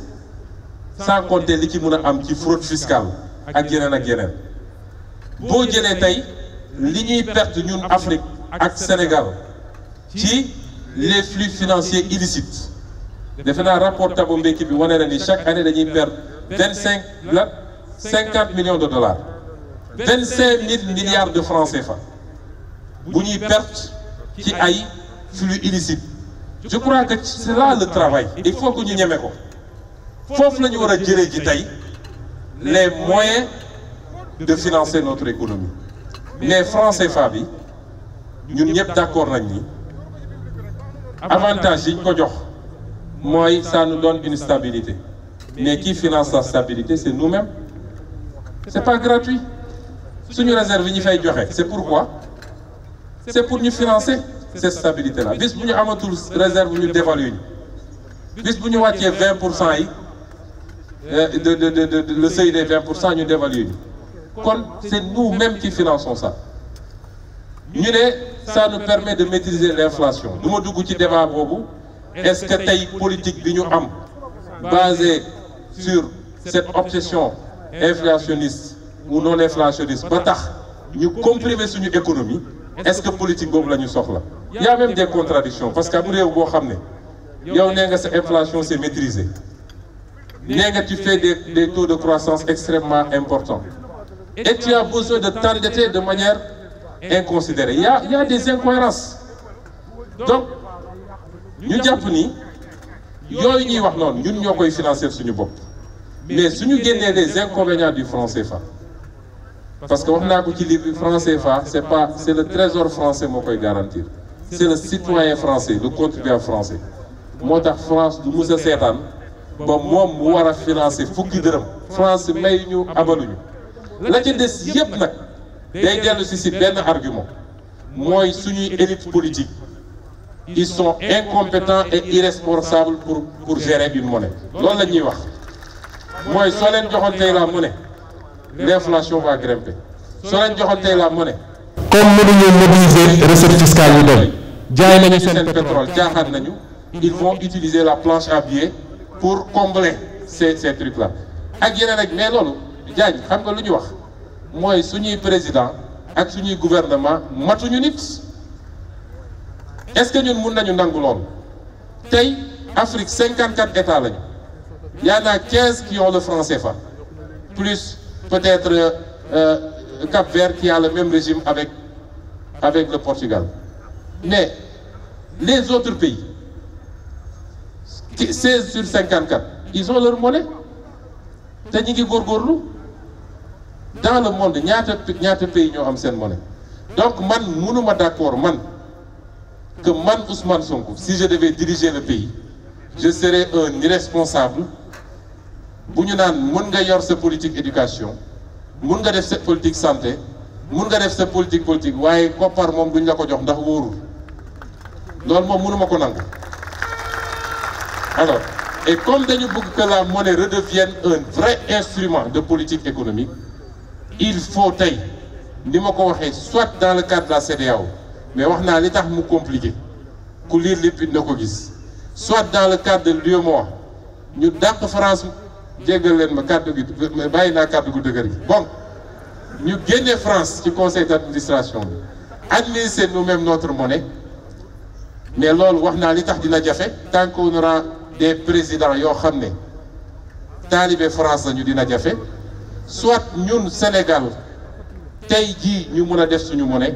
sans compter l'équipe qui mën a am ci fraude fiscale ak yeneen ak yeneen boo jëlee tey li ñuy perte ñun Afrique ak Sénégal ci les flux financiers illicites defe naa rapport à Mbeki bi wane na ni chaque année dañuy perte 25 50 millions de dollars 25 000 milliards de francs CFA Vous ñuy perte flux illicites je crois que c'est là le travail il faut que nous nous ko il que que nous nous mettions les moyens de financer notre économie mais francs CFA nous sommes pas d'accord nañ avantage ça nous donne une stabilité mais qui finance la stabilité c'est nous-mêmes Ce n'est pas gratuit nous réserve nous fay c'est pourquoi c'est pour nous financer cette stabilité là bis nous avons amatul réserve ñu dévaluer dévaluons. bis bu 20 euh, de de de le seuil des 20 nous les c'est nous-mêmes qui finançons ça Nous, ça nous permet de maîtriser l'inflation Nous, avons dugg ci débat est-ce que une politique bi nous am sur cette obsession inflationniste ou non inflationniste Bata, nous comprimons comprimer économie est-ce que politique nous nous là Il y a même des contradictions parce que vous réew boo yow inflation c'est maîtrisé tu fais des des taux de croissance extrêmement importants et tu as besoin de t'endetter de manière inconsidérée Il y a des incohérences donc nous, disons nous ne wax pas ñun financer suñu bop. mais nous gagnons les inconvénients du franc CFA parce que le france ko franc CFA c'est le trésor français qui peut garantir c'est le citoyen français le contribuable français Moi, en France du suis a seetaan ba moom mu war a financer fukki dërëm France may ñu abaluñu la ci des yépp Il day a un si je argument mooy suñuy élite politique ils sont incompétents et irresponsables pour gérer une monnaie C'est la monnaie l'inflation va grimper Si nous la monnaie. comme mobiliser recette fiscale ils vont utiliser la planche à billets pour combler ces ces trucs là mais président ak suñuy gouvernement est-ce que nous avons un nangu lool tey Afrique 54 états Il y en a 15 qui ont le franc CFA plus peut-être euh, euh, Cap-Vert qui a le même régime avec avec le Portugal mais les autres pays 16 sur 54 ils ont leur monnaie ngi dans le monde a des pays qui ont leur monnaie donc man pas d'accord que Man Ousmane Sonko, si je devais diriger le pays, je serais un irresponsable. Si nous avons politique éducation mun nga def sa politique santé mun nga def sa politique politique waaye koppar moom duñ la ko jox ndax wóorul pas. alors et comme nous voulons que la monnaie redevienne un vrai instrument de politique économique il faut que, ni soit dans le cadre de la CEDEAO mais on a li tax mu compliqué ku liir lépp it na ko gis soit dans le cadre de lieu nous ñu dàq France jéggal leen ma kàddu gi mais bàyyi cadre kàddu gu dëgër gi bon ñu génne France ci conseil d'administration bi administrer nous-mêmes notre monnaie mais loolu on a li tax dina jafe tant qu'on aura des présidents yo xamné ne France la ñu dina jafé soit ñun Sénégal tay ji ñu mëna def suñu monnaie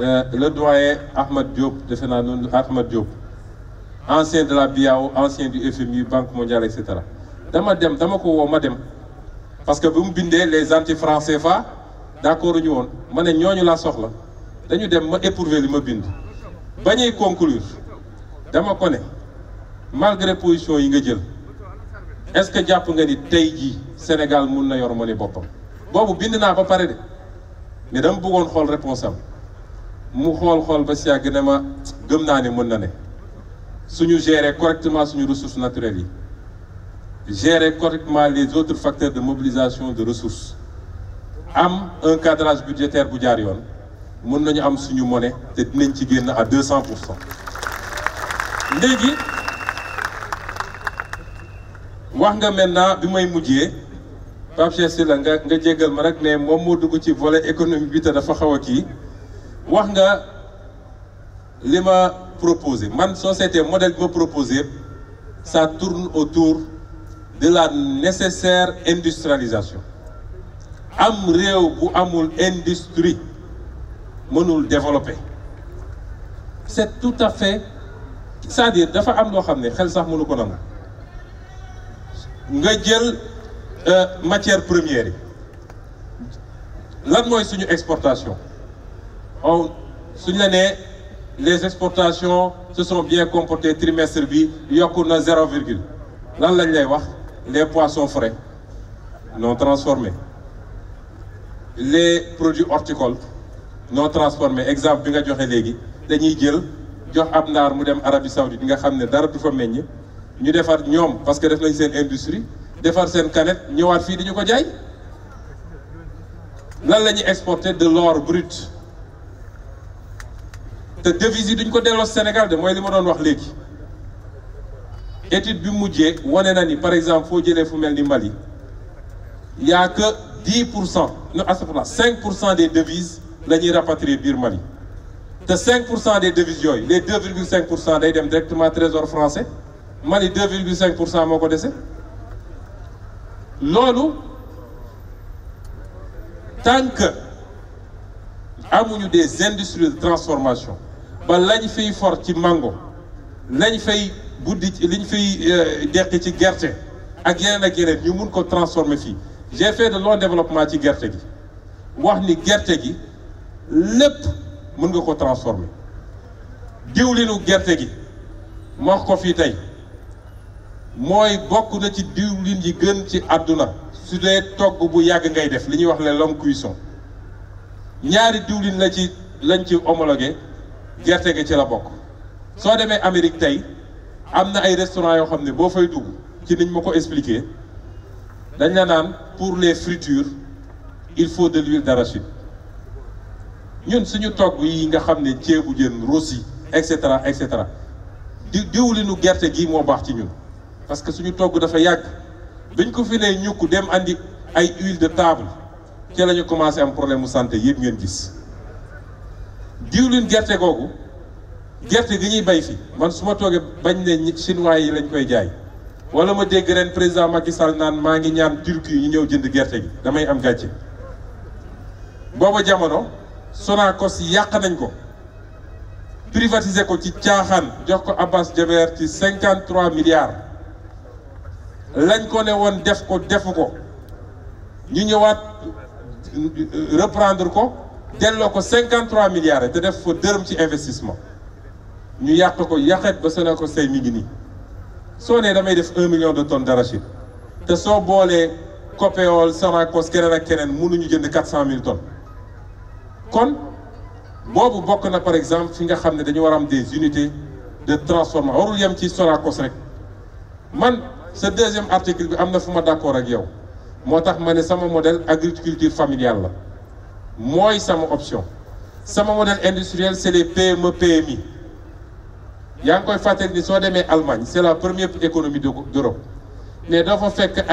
Euh, le doyen Ahmed Diop, de Sénanoun, Ahmed Diop, ancien de la BIAO, ancien du FMI, Banque mondiale, etc. dama dem dama ko woo ma dem parce que bu mu les anti français CFA d'accord ñu woon ma ne la laa soxla dañu dem ma éprouver li ma bind ba conclure dama ko malgré position yi nga jël est-ce que jàpp nga ni tey jii Sénégal mun na yor ma ne boppam boobu bind naa ba pare de mais dama bëggoon xool responsable mu xool-xool ba ne ma gëm naa ne mën ne suñu gérer correctement suñu ressources naturelles yi gérer correctement les autres facteurs de mobilisation de ressources am un cadrage budgétaire bu jaar yoon mën am suñu monnaie te dinañ ci à 200%. cent pour cent léegi wax nga maintenant bi may Cheikh Sylla nga nga jéggal ma ci volet économique bi te dafa Wanga nga me ma proposé c'était un modèle que proposer. proposé ça tourne autour de la nécessaire industrialisation am ou bu amul industrie mënul développer c'est tout à fait c'est-à-dire dafa am que nous ne xel sax mënu ko nga jël euh, matière première yi lan exportation on suñ la les exportations se sont bien comportées trimestre bi y y a virgule lan lañ lay les poissons frais non transformés les produits horticoles non transformés exemple bi nga joxe léegi dañuy jël jox ab mu Arabie Saoudite nga xamné dara du fa meññ ñu défar ñom parce que def nañ seen industrie défar seen canette ñëwaat fi diñu ko jaay lan la exporter de l'or brut te devises du duñ ko Sénégal de moy wax bi par exemple fo les fu melni Mali y a que 10%, 5% des devises la rapatrier Mali te des devises les 2,5% directement trésor français Mali 2,5% moko tant que des industries de transformation ba lañ fiy for ci mango lañ fay buddi liñ fiy euh, deqi ci gerte ak yeneen ak yeneen ñu mun ko transformer fii j'ai fait de long développement ci gerte gi wax ni gerte gi lépp mën nga ko transformer diwlinu gerte gi ma wax ko fi tey mooy bokk na ci diwlin yi gën ci àdduna su dee togg bu yàgg ngay def li ñuy wax le long cuisson ñaari diwlin la ci lañ ci homologuer gerte gi ci la bokk soo demee Amérique tey am na ay restaurant yoo xam ne boo fay dugg ci niñ ma ko expliquer dañ la naan pour les fritures il faut de l'huile d'arachide ñun suñu togg yi nga xam ne ceebu jën rossi et cetera et cetera di diwlinu gerte gi moo baax ci ñun parce que suñu togg dafa yàgg biñ ko fi nee ñukk dem andi ay huile de table ci la ñu commencé am problème mu santé yëpp ngeen gis diwlin gerte googu gerte gi ñuy bay fi man su ma toogee bañ ne chinois yi lañ koy jaay wala ma dégg ren président Macky Sall naan maa ngi ñaan Turquie ñu ñëw jënd gerte gi damay am gàcce booba jamono Sonacos yàq nañ ko privatiser ko ci caaxaan jox ko Abbas Jaber ci 53 milliards lañ ko ne woon def ko defu ko ñu ñëwaat reprendre ko delloo ko 53 milliards te def fa deureum ci investissement ñu yàq ko yàqet ba sone ko say mi ngi nii damay def 1 million de tonnes d'arachide te so bolé Copéol Sonacos kenen ak keneen mënuñu jënd 400 000 tonnes kon bobu bok na par exemple fi nga xamné dañu wara am des unités de transformation warul yam ci Sonacos rek man ce deuxième article bi amna na d'accord ak yow motax mané sama modèle agriculture familiale la moi ça mon option mon modèle industriel c'est les PME PMI a encore une fois une soo mais Allemagne c'est la première économie d'Europe mais il y fekk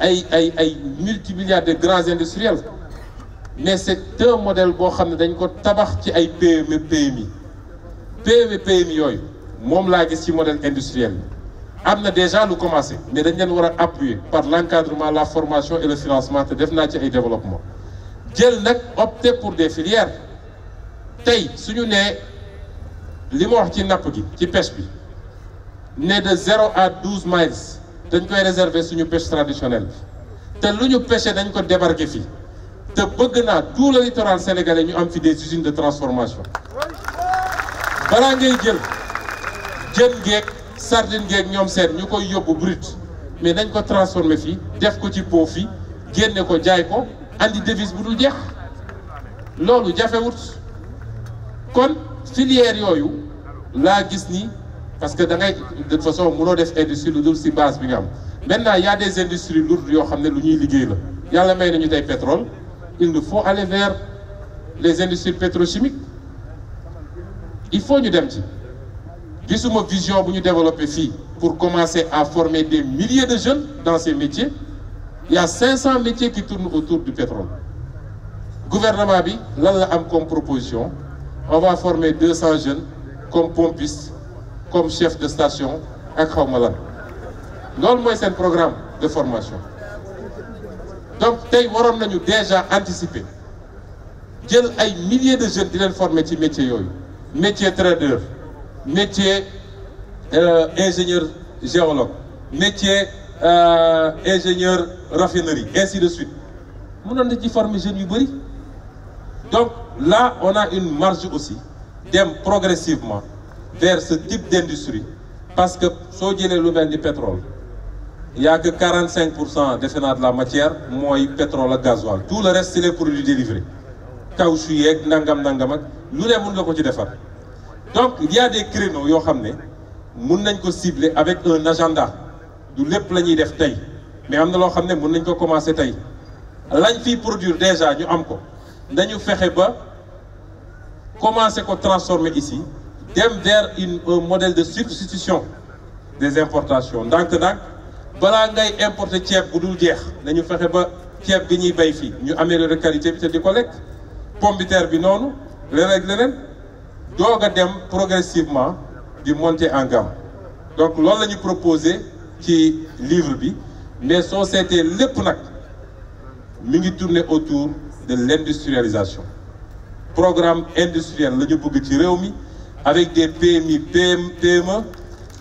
ay multimilliards de grands industriels mais c'est un modèle qui est un dañ PME PMI PME PMI yooyu modèle industriel y avons déjà commencé mais dañ leen appuyer par l'encadrement la formation et le financement de def développement ont opté pour des filières. Tay, si nous sommes qui nous avons qui pêche, nous de 0 à 12 miles, nous avons réservé sur nos pêches traditionnelles. Nous avons pêché, nous avons débarqué. Nous avons tout le littoral sénégalais, nous avons des usines de transformation. Nous avons des sardines, des sardines, nous avons des brut. mais nous avons transformé, nous avons des pots, nous avons des pots, andi devise bu dul jeex loolu jafewut kon filière yooyu laa gis ni parce que da ngay de toute façon mënoo def industrie lu dul si base bi nga am maintenant y a des industries lourdes yoo xam ne lu ñuy liggéey la yàlla may nañu tey pétrole il nous faut aller vers les industries pétrochimiques il faut ñu dem ci gisuma vision bu ñu développer fii pour commencer à former des milliers de jeunes dans ces métiers il y a 500 métiers qui tournent autour du pétrole gouvernement bi là, la comme proposition on va former 200 jeunes comme pompistes, comme chefs de station ak comme là. Non programme de formation donc avons déjà anticipé Il y a des milliers de jeunes qui vont former ci métier Métiers métier trader métier euh, ingénieur géologue métier euh, ingénieur raffinerie ainsi de suite Nous avons ci formes jeunes donc là on a une marge aussi dem progressivement vers ce type d'industrie parce que si jëlee lu le du pétrole il n'y a que 45 de la matière mooy pétrole ak gasoil tout le reste c'est les produits délivrés caoutchouc nangam nangam ne nga donc il y a des créneaux qui sont nous mën ko cibler avec un agenda du les la ñuy def tey mais am na loo xam ne mën nañ ko commencer tey lañ fiy produire déjà ñu am ko dañu fexe ba commencer ko transformer ici dem vers une un modèle de substitution des importations Donc, ndànk balaa ngay importer ceeb bu dul jeex dañu fexe ba ceeb bi ñuy bay fii ñu améliorer qualité bi te di ko lekk pomme de terre bi noonu leneen ak leneen dem progressivement di monter en gamme donc loolu la ñu proposer qui livre mais sont c'était les nak mi ngi tourner autour de l'industrialisation programme industriel le bëgg ci avec des PMI PME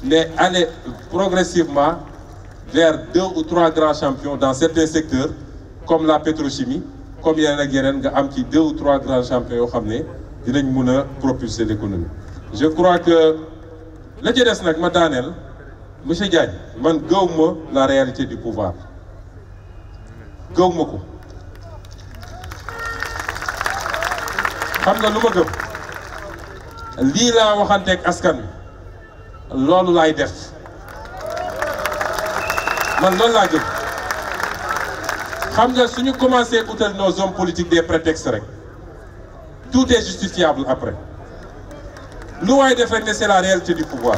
mais aller progressivement vers deux ou trois grands champions dans certains secteurs comme la pétrochimie comme en ak yeneen nga am ci deux ou trois grands champions yo xamné dinañ propulser l'économie je crois que la ci dess monsieur Diagne man gëw la réalité du pouvoir gëw ko xam nga luma ma gëm lii laa waxanteeg askan loolu lay def man loolu laa gëm xam nga suñu commencé utal nos hommes politiques des prétextes rek tout est justifiable après lu waay def rek ne c'est la réalité du pouvoir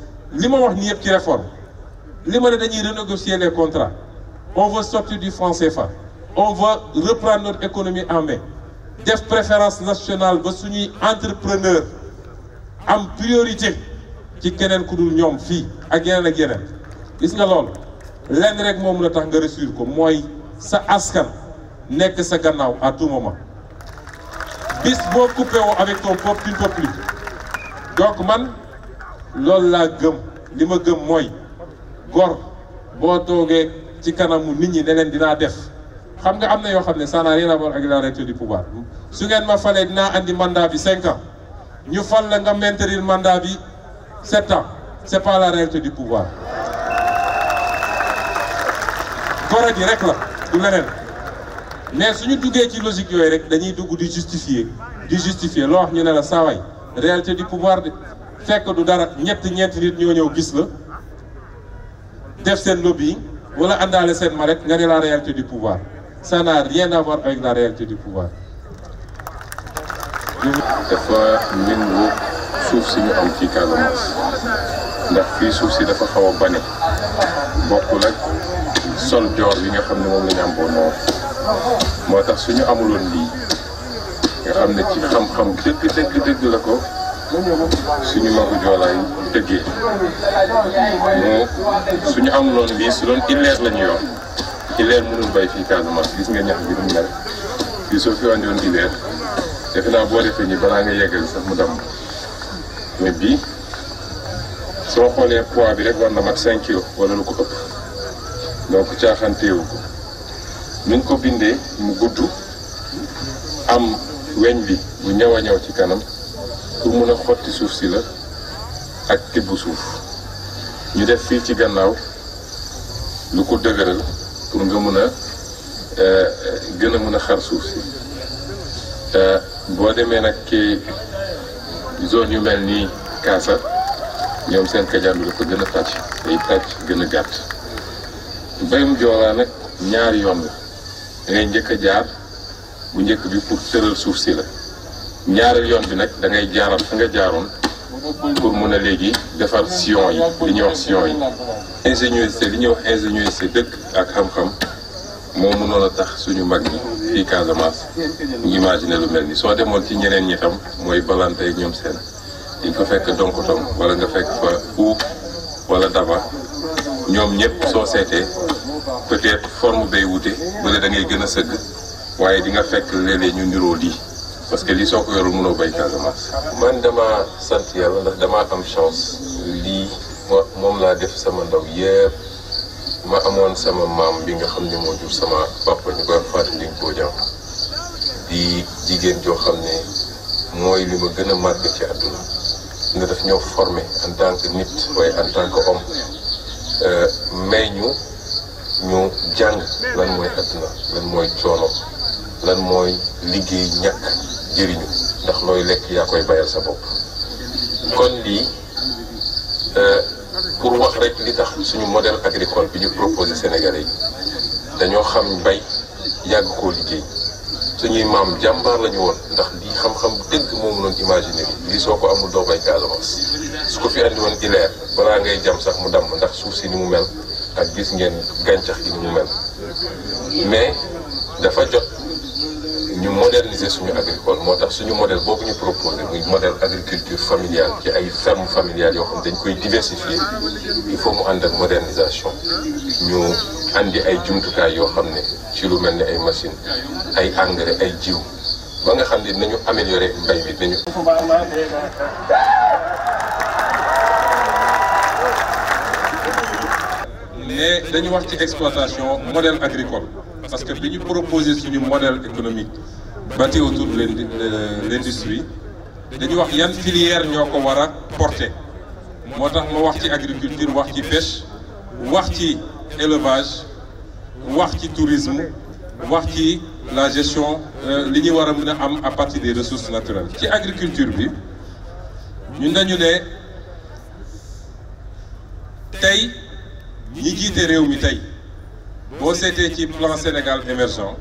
Lima wax ni réforme Lima dañuy renégocier les contrats on veut sortir du franc CFA on veut reprendre notre économie en main def préférence nationale ba entrepreneur am priorité ci keneen ak yeneen ak yeneen gis nga rek la tax nga réussir ko sa à tout moment bis avec ton propre donc loolu laa gëm li gëm mooy gor boo toogee ci kanamu nit ñi ne leen def xam nga am na yoo xam ne ça n'a rien à ak la réalité du pouvoir su ngeen ma falee d'ina, andi mandat bi cinq ans ñu fal la nga maintenir mandat bi sept ans c'est pas la réalité du pouvoir gore di rek la du leneen mais suñu duggee ci logique yooyu rek dañuy dugg di justifier di justifier loo wax ñu ne la saaway réalité du pouvoir de fekk du dara ñett ñeenti nit ñoo ñëw gis la def seen lobbying wala àndaale seen ma rek nga ne la réalité du pouvoir ça n'a rien à voir avec la réalité du pouvoir. dafa méngoo suuf si ñu am ci Casamance ndax fii suuf si dafa xaw a bane bokkul ak sol joor yi nga xam ne moom la ñu am moo tax suñu amuloon lii nga xam ne ci xam-xam dëgg dëgg dëgg la ko. suñu magu joolaa yi tëggee moo suñu am loon lii su doon illeer la ñu illeer mënul bay fi Casamance gis nga ñax bi nu mel fii soo fi wandoon illeer defe naa boo defee nii balaa nga yeggali sax mu damm mais bii soo xoolee poids bi rek war na mat 5 kilos wala lu ko ëpp donc caaxaanteewu ko nuñ ko bindee mu gudd am weñ bi bu ñëw a ñëw ci kanam pour mun a xotti suuf si la ak tibb suuf ñu def fii ci gannaaw lu ko dëgëral pour nga mun a euh, gën a mun a xar suuf si euh, boo demee nag ki zone yu mel nii kaasa ñoom seen kajaar bi la ko gën a tàcc day tàcc gën a gàtt mbayum joolaa nag ñaari yoon la da njëkk a jaar bu njëkk bi pour sëral suuf si la ñaareel yoon bi nag da ngay jaaraat nga jaaroon pour mun a léegi defar sion yi li ñuy wax sion yi ingéniosité li ñuy wax ingéniosité dëkk ak xam-xam moo mënoon a tax suñu mag ñi fii Casamance ñu imaginer lu mel ni soo demoon ci ñeneen ñi xam mooy balante yi ñoom seen di ko fekk donc tam wala nga fekk fa uuf wala daba ñoom ñëpp soo seetee peut-être forme bay wute bële da ngay gën a sëgg waaye di nga fekk léeg ñu niroo lii parce que lii soo ko yorul mënoo béy Casamance. man damaa sant yàlla ndax damaa am chance. lii moom laa def sama ndaw yëpp ma amoon sama maam bi nga xam ne moo jur sama papa ñu koy Fatou Ndiaye koo jàmm di jigéen joo xam ne mooy li ma gën a marqué ci àdduna. nga daf ñoo formé en tant que nit waaye en tant que homme euh, ñu jàng lan mooy àdduna lan mooy coono lan mooy liggéey ñàkk jëriñu ndax looy lekk yaa koy bayal sa bopp kon lii euh, pour wax rek li tax suñu model agricole bi ñu proposé Sénégalais yi dañoo xam bay yàgg koo liggéey suñuy maam jàmbaar la woon ndax lii xam-xam dëgg moo mënoon imaginer lii soo ko amul doo bay Casamance su ko fi andi woon ileer balaa ngay jam sax mu damm ndax suuf si ni mu mel ak gis ngeen gàncax gi ñu mel mais dafa jot ñu moderniser suñu agricole moo tax suñu modèle boobu ñu proposé muy modèle agriculture familiale ci ay ferme familiale yoo xam ne dañ koy diversifier il faut mu ànd ak modernisation ñu andi ay jumtukaay yoo xam ne ci lu mel ni ay machine ay engrais ay jiw ba nga xam ne nañu améliorer mbay mi nañu mais nous avons ci exploitation modèle agricole parce que nous proposons un modèle économique bâti autour de l'industrie nous avons une filière qui est portée. nous avons l'agriculture, agriculture wax pêche wax élevage wax tourisme wax la gestion nous euh, avons à partir des ressources naturelles ci agriculture bi avons dañu ñi jité réew mi tey boo ci plan Sénégal émergent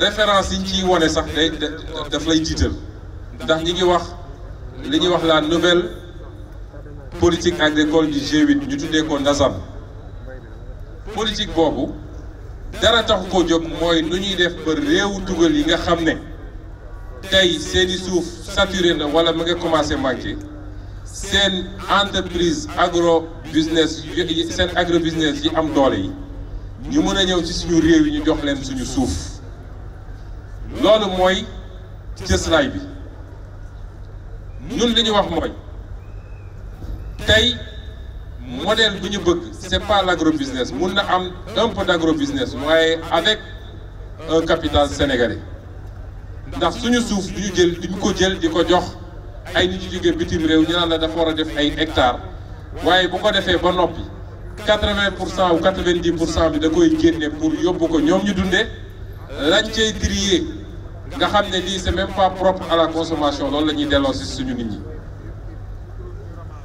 référence yi ci woné sax day daf lay jiital ndax ñi ngi wax li ñi wax la nouvelle politique agricole du G8 ñu tuddee ko NASAM politique bobu dara tax ko jóg moy nu ñuy def ba tout tugal yi nga xamné ne c'est seeni suuf saturé na wala mu nga commencé une entreprise agro business sen agro business yi am doole yi ñu mën a ci suñu réew yi ñu jox leen suñu suuf loolu nous bi ñun li ñu wax mooy modèle bu bëgg c'est pas l'agro-business na am un peu business waaye avec un capital sénégalais ndax suñu suuf du ñu jël du ay nit yu jógee bitim réew ñu naan la dafa wara def ay hectares waaye bu ko defee ba nopi quatre ou 90% bi da koy génne pour yóbbu ko ñom ñu dundé lañ cay trier nga xamné li c'est même pas propre à la consommation loolu lañuy délo ci suñu nit ñi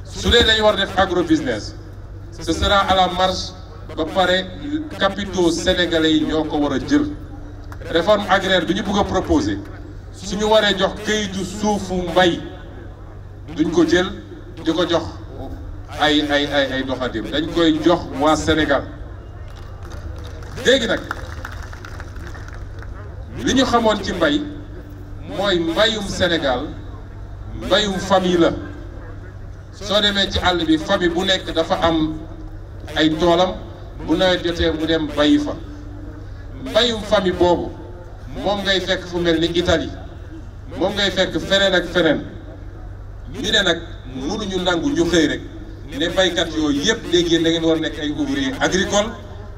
su dee dañu war def agro business ce sera à la marge ba paré capitaux sénégalais ñoko wara jël réforme agraire bi ñu bëgg a proposer suñu waré jox kayitu suufu mbay duñ ko jël di ko jox ay ay doxadim dañ koy jox waa senegal léegi nag li ñu xamoon ci mbay mooy mbayum Sénégal mbayum famille la soo demee ci àll bi famille bu nekk dafa am ay toolam bu nawet jotee mu dem bayi fa mbayum famille boobu moom ngay fekk fu mel ni Italie moom ngay fekk feneen ak feneen Nous ne nag munuñu nangu ñu rek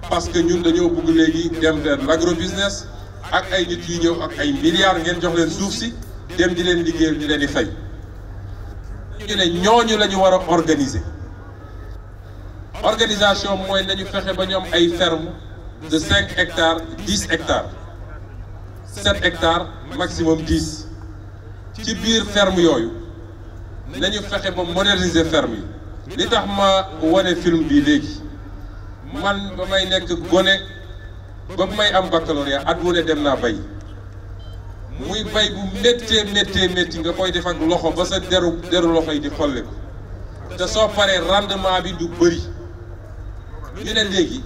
parce que nous avons bugg léegi dem vers lagro business ak ay ñëw milliards ngeen jox leen suuf si dem di leen liggéeyal ñu leen di fay ñu ñooñu organiser organisation mooy nañu fexe ba ferme de 5 hectares 10 hectares 7 hectares maximum 10 ci biir ferme yooyu لن يفخر بمدرسة فرمي لتح ما واني فيلم بيليك من بماي نكت غوني بماي أم بكالوريا أدونة دمنا باي موي باي بو متى متى متى نغا قوي دفاق لخو بسا درو درو لخو يدي خلق تسو فاري راند ما بي دو بري ينا ليجي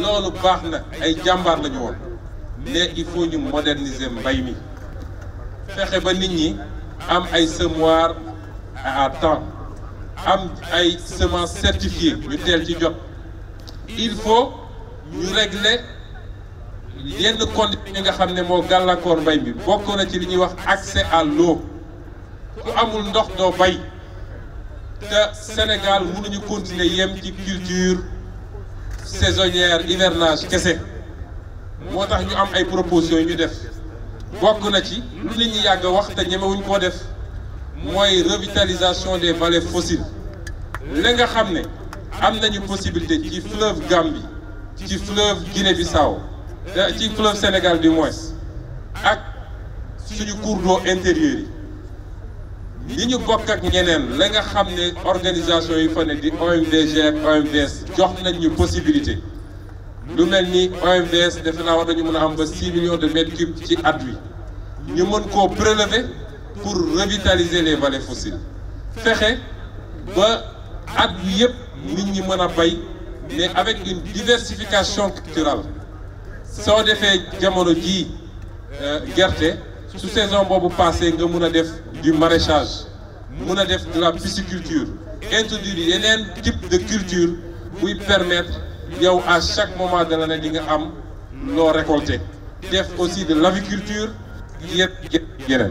لولو باخنا اي جامبار لنجوان لا يفوني مودرنيزم بايمي فخبا نيني ام اي سموار à temps am ay semences certifiées il faut régler les conditions de nga accès à l'eau ku amul ndox le Sénégal continue continuer culture saisonnière hivernage que'' que ñu am ay propositions ñu def nous nous ci Moy revitalisation des vallées fossiles li nga xam une am nañu possibilité ci fleuve Gambie ci fleuve Guinée-Bissau ci fleuve Sénégal du moins ak suñu cours d'eau intérieur. yi avons une bokk organisation yi des di OMDG l'OMVS, jox possibilité Nous avons ni 6 millions de mètres cubes ci at wi ñu mën prélever pour revitaliser les vallées fossiles Ferre ba at bi un nit ñi mais avec une diversification culturelle on a jamono ji euh, guerre, sous saison boobu passé nga mun ont def du maraîchage mun def de la pisciculture introduire un type de culture qui permettre à chaque moment de l'année de nga am loo récolter. Déf aussi de l'aviculture est yeneen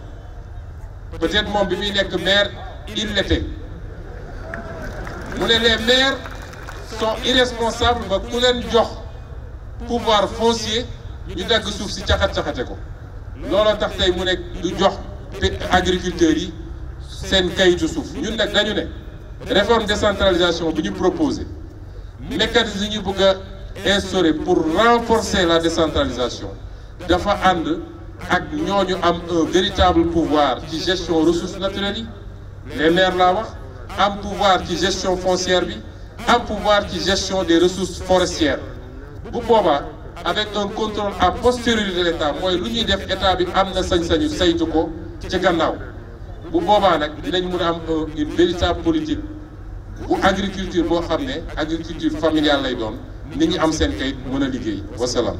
peut-être que bi maire il l'était les maires sont irresponsables ba ku pouvoir foncier ñu dagg suuf ci nous ko Nous tax tay mu du jox agriculteurs yi dañu ne réforme décentralisation bi ñu proposer mécanisme ñu pour renforcer la décentralisation dafa and ak ñooñu am un véritable pouvoir ci gestion ressources naturelles yi les maires laa wax am pouvoir ci gestion foncière bi am pouvoir ci gestion des ressources forestières bu boobaa avec un contrôle à posteriori de l'état mooy lu ñuy def état bi am na sañ-sañu saytu ko ci gannaaw bu boobaa nag dinañ mën a am une véritable politique bu agriculture boo xam ne agriculture familiale lay doon Ni ñi am seen kayit mën a liggéey wasalaam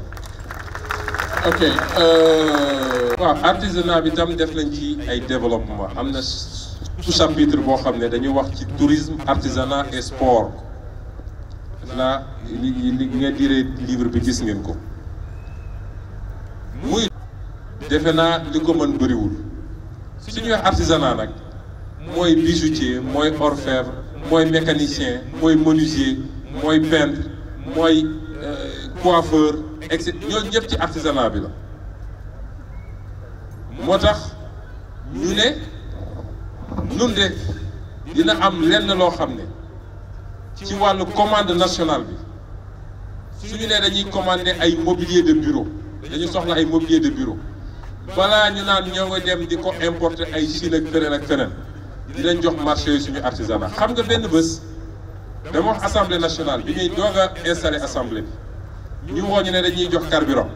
ok euh... artisanat bi tam def nañ ci ay développement am sous-chapitre boo xam ne tourisme artisanat et sport la li a nga diree livre bi gis ngeen ko muy defe naa li ko mën bëriwul wax artisanat nag bijoutier moi, orfèvre moi, mécanicien moi, menuisier moi, peintre mooy euh, coiffeur etc ñooñu ñëpp ci artisanat bi la moo tax ñu ne ñun de dina am lenn lo xamné ci walu commande nationale bi suñu né dañuy commander ay mobilier de bureau dañuy soxla ay mobilier de bureau balaa ñu naan ñoo ngi dem diko importer ay Chine ak feneen ak feneen dinañ jox marché suñu artisanat xam nga benn bés dama wax assemblée nationale bi ñuy doog installer assemblée ñu woo ñu ne dañuy jox carburant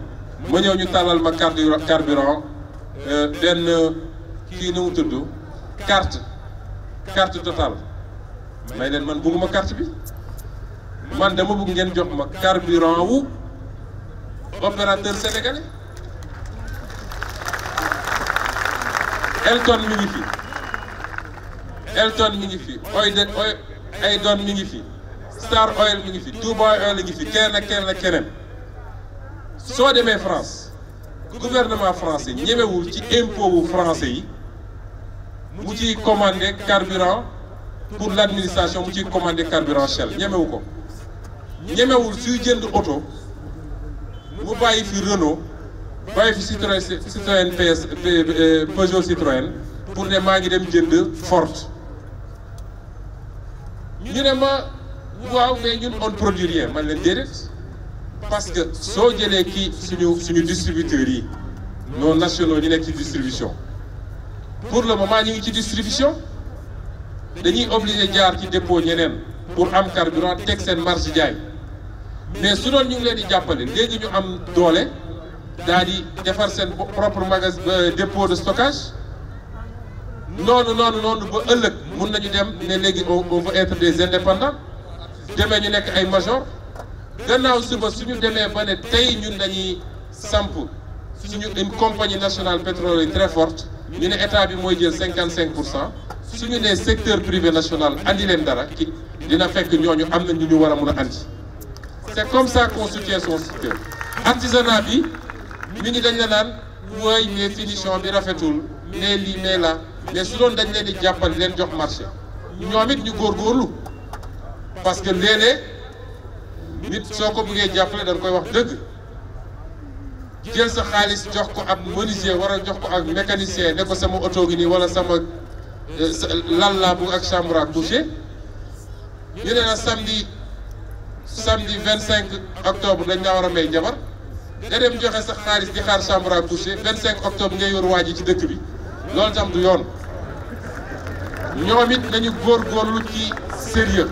ma ñëw ñu talal ma carburant euh, benn kii nu mu tudd carte carte totale. may leen man bugguma carte bi man dama bugg ngeen jox ma carburant wu opérateur sénégalais Elton mi ngi fi Elton mi ngi fi oy de oy Aydon mi ngi fi Star Oil mi ngi fi Touba Oil mi ngi fi keneen ak keneen soit mes France gouvernement français ñemewul ci impôt impôts français yi mu commandez carburant pour l'administration, vous mu commandez carburant Shell ñemewu ko ñemewul suy jënd auto, mu bàyyi fi Renault bàyyi Citroën Citroën PS euh, Peugeot Citroën pour les magasins de dem Ford ñu ne ma waaw mais ñun on rien parce que si qui sont distributeurs nos nationaux nous distribution pour le moment nous sommes ci distribution sommes obligés de ci dépôt pour am carburant marge mais si nous avons ngi leen propre euh, dépôt de stockage Non, non, non, être des indépendants Nous ñu gannaaw suba suñu demee ba ne tey ñun dañuy samp suñu une compagnie nationale pétrolière très forte ñu ne état bi mooy jël 55 pour cent suñu nee secteur privé national andi leen dara ki dina fekk ñooñu am na ñu ñu war a mun a andi c'est comme ça qu'on soutient son secteur artisanat bi mi ngi dañ la naan mooy ne finition bi rafetul ne lii ne la mais su doon dañ leen di jàppale leen jox marché ñoom it ñu góorgóorlu parce que léeg-léeg nit soo ko bëggee jàppale da koy wax dëgg jël sa xaalis jox ko ab menuisier wala jox ko ak mécanicien ne ko sama oto gi nii wala sama euh, lal laa bëgg ak chambre à coucher ñu ne la samedi samedi 25 octobre dañ laa war a may jabar nga dem joxe sa xaalis di xaar chambre à coucher 25 octobre ngay yor waa ji ci dëkk bi loolu tam du yoon ñoom it nañu góorgóorlu ci sérieux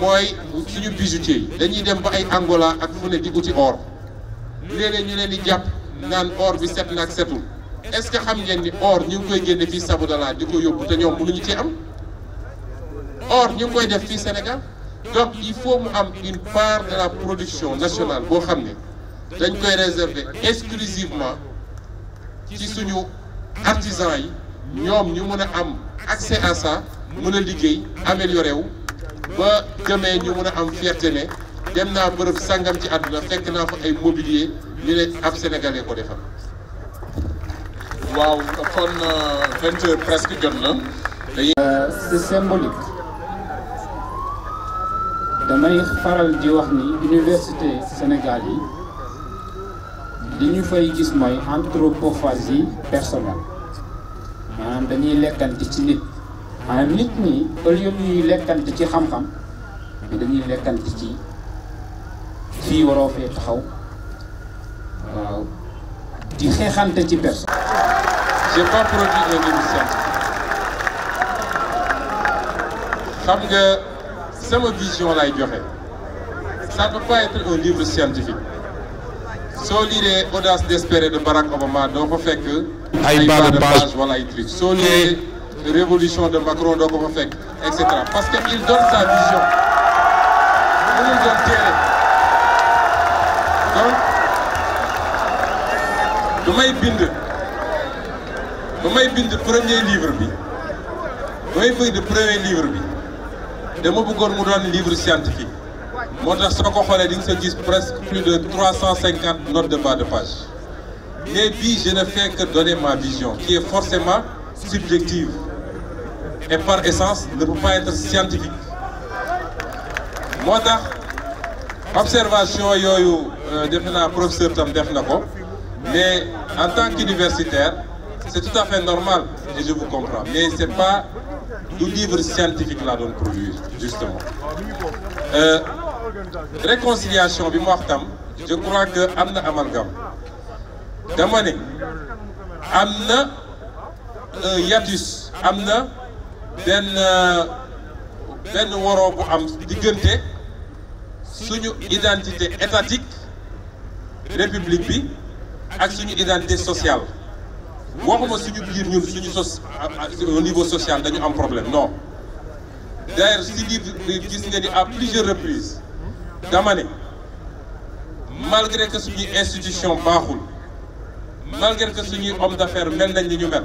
mooy suñu visitiers dañuy dem ba ay Angola ak fu ne di uti or léeg ñu leen di jàpp naan or bi set na ak setul est-ce xam ngeen ni or ñu ngi koy génne fii Sabodala diko ko yóbbu ñom ñoom mënuñu ci am or ñu koy def fii Sénégal donc il faut mu am une part de la production nationale bo xamné dañ koy réserver exclusivement ci suñu artisans yi ñoom ñu mëna am accès à ça mëna liggéey améliorer wu ba jëmee ñu mun a am fierté ne dem naa bërëb sangam ci àdduna fekk naa fa ay mobilier ñu ne ab sénégalais ko defal. waaw kon euh, vingt heures presque jot na. Euh, c'est symbolique damay faral di wax ni université Sénégal yi li ñu fay gis mooy anthropophagie personnelle maanaam dañuy lekkanti ci nit maanaam nit ñi au lieu ñuy lekkante ci xam-xam ñu dañuy lekkante ci fii waroo fee taxaw waaw di xeexante ci personne. je pas produit un livre scientifique xam nga sama vision lay joxe ça ne peut pas être un livre scientifique soo liree audace d'espérer de Barack Obama doo ko fekk. ay bas de page wala ay trucs soo liree révolution de Macron donc on etc. parce qu'il donne sa vision nous nous téere donc je le. bind du bind premier livre vous le premier livre bi mon le premier livre scientifique Mon tax le presque plus de 350 notes de bas de page mais puis je ne fais que donner ma vision qui est forcément subjective et par essence ne peut pas être scientifique Moi, observation un euh, professeur tam mais en tant qu'universitaire c'est tout à fait normal et je vous comprends mais c'est pas du livre scientifique là doon produit, justement euh, réconciliation je crois que Amna Amalgam. amalgame Amna Yatus, euh, ben benn waroo bu am diggante suñu identité étatique république bi ak suñu identité sociale waxuma suñu biir ñun suñu au niveau social dañu am problème non d'ailleurs si bi gis à plusieurs reprises dama né malgré que suñu institution baaxul malgré que suñu homme d'affaires mel nañ ni ñu mel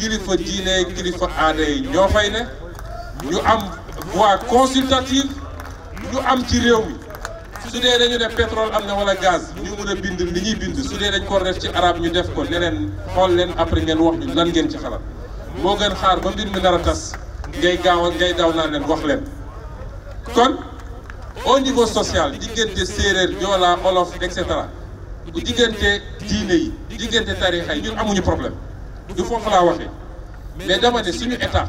kilifa diine kilifa aada yi ñoo fay ne ñu am voix consultative ñu am ci réew mi su dee dañu ne pétrole am na wala gaz ñu mën a bind li ñuy bind su dee dañ ko def ci arab ñu def ko ne leen xool leen après ngeen wax ñu lan ngeen ci xalaat moo gën xaar ba mbir mi nar a tas ngay gaaw a ngay daw naa leen wax leen kon au niveau social diggante séeréer joola olof et cetera bu diggante diine yi diggante tarixa yi ñun amuñu problème du fond laa waxee mais dama ne suñu état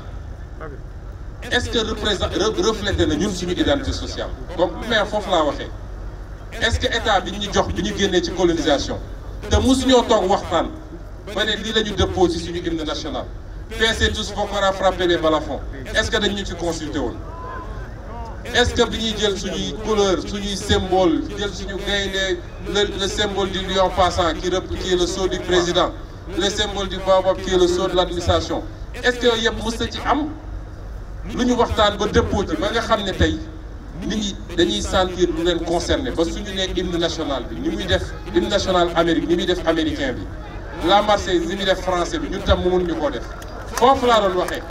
est-ce que reflète reflété na ñun suñu identité sociale donc mais foofu la est-ce que état bi ñu jox bi ñu ci colonisation te mosuñoo toog waxtaan ba ne lii la ñu dëppoo ci suñu hymne national peese tous vokora frapper les balafons est-ce que dañ ñu ci consulter woon est-ce que biñu jël suñu couleur suñu symbole jël suñu gaynde le symbole du lion passant qui qui est le sceau du président le symbole du baobab qui est le sceau de l'administration est-ce que yooyu yëpp ci am lu waxtaan ba dëppoo ci ba nga xamné tay tey nit ñi dañuy sentir lu leen concerné ba suñu nee hymne national bi ni muy def hymne national Amérique ni muy def américain bi la Marseillaise ni muy def français bi ñu tam mënul ñu koo def fofu la doon waxé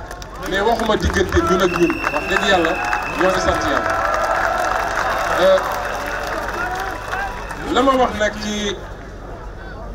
mais waxuma digënté ñun ak ñun wax dëgg yalla ñoo ngi sant yalla euh, la ma wax nak ci.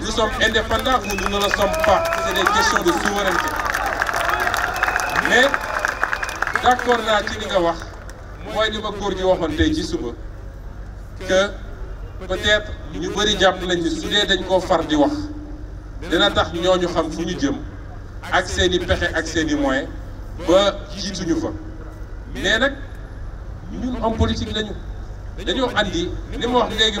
Nous sommes indépendants ou nous ne le sommes pas. C'est des questions de souveraineté. Mais, d'accord, là, tu dis que moi, je me cours dit monde, je dis que peut-être, nous devons dire que nous sommes des confards du monde. Nous devons dire que nous sommes des confards du monde. Accès ni péché, accès ni moyen. Mais nous sommes en politique. Nous sommes en politique. Nous sommes en politique.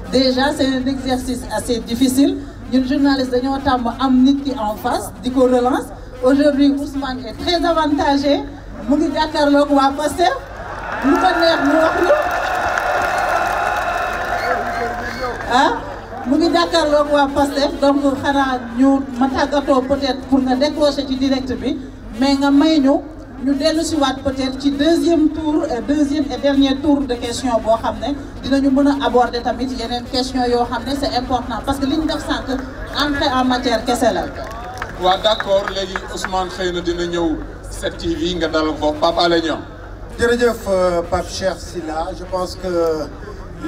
déjà c'est un exercice assez difficile Une journaliste de tàmm am nit en face du relance aujourd'hui Ousmane est très avantagé mu ngi jàkkaarloog passé. Nous lu ko neex mu wax ah donc nous, ñu peut-être pour nous décrocher ci direct mais nga may ñu nous dellu peut-être ci deuxième tour euh, deuxième et dernier tour de questions boo xam ne dinañu mën aborder tamit yeneen question yoo xam c'est important parce que li ñu def sànq entrée en matière kese là waaw d'accord léegi Ousmane xëy na dina ñëw 7TV nga dalal ko Pape Alé Niang. Euh, Pape Cheikh Sylla je pense que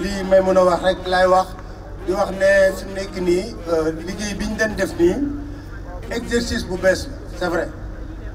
lii may mën a wax rek laay wax di wax ne fi mu nekk nii euh, liggéey bi ñu doon def nii exercice bu bees c'est vrai.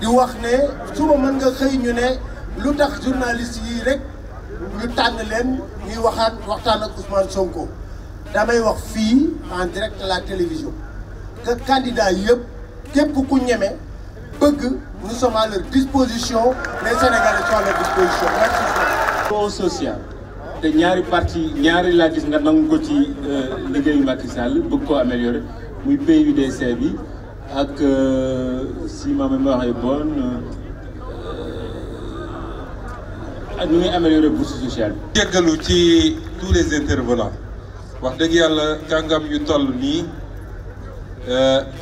di wax ne suba mën nga xëy ñu ne lu tax journaliste yii rek ñu tànn leen ñuy waxaat waxtaan ak Ousmane Sonko damay wax fii en direct la télévision que candidat yëpp képp ku ñeme bëgg nous sommes à leur disposition les Sénégalais sont à leur disposition merci. fonds social te ñaari parti ñaari laa gis nga nangu ko ci euh, liggéeyu Macky Sall bëgg ko améliorer muy PUDC bi que euh, si ma mémoire est bonne euh, euh, nous allons améliorer bourse sociale Je veux ci tous les intervenants Je veux dire que quand nous nii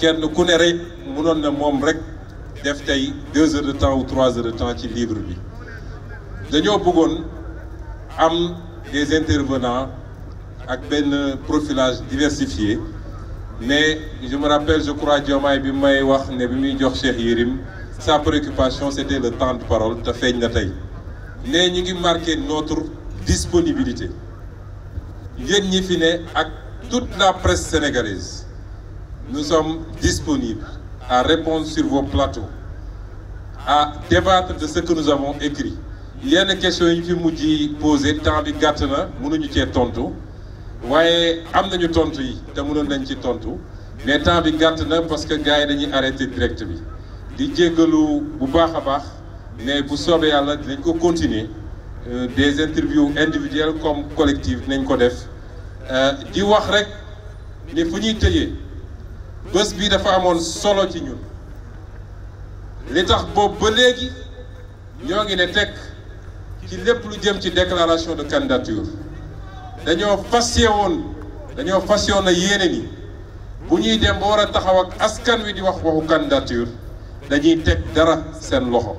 kenn nous ne nous pas na moom rek def deux heures de temps ou trois heures de temps le livre Nous dañoo bëggoon des intervenants avec un profilage diversifié mais je me rappelle je crois que bi may wax ne Cheikh sa préoccupation c'était le temps de parole Nous avons na marqué notre disponibilité toute la presse sénégalaise nous sommes disponibles à répondre sur vos plateaux à débattre de ce que nous avons écrit Il y a questions question qui fi que poser temps bi gàtt na nous cee tontu waaye am nañu tontu yi te mënoon nañ ci tontu mais temps bi na parce que gars yi arrêté direct bi di bu a mais bu ko continuer euh, des interviews individuelles comme collectives dinañ ko def euh, di wax rek ne fu ñuy tëjee bi dafa amoon solo ci ñun li tax boobu ba léegi ci déclaration de candidature dañoo fas woon dañoo fas yoon a yéene ni bu ñuy dem ba war a taxaw ak askan wi di wax waxu candidature dañuy teg dara seen loxo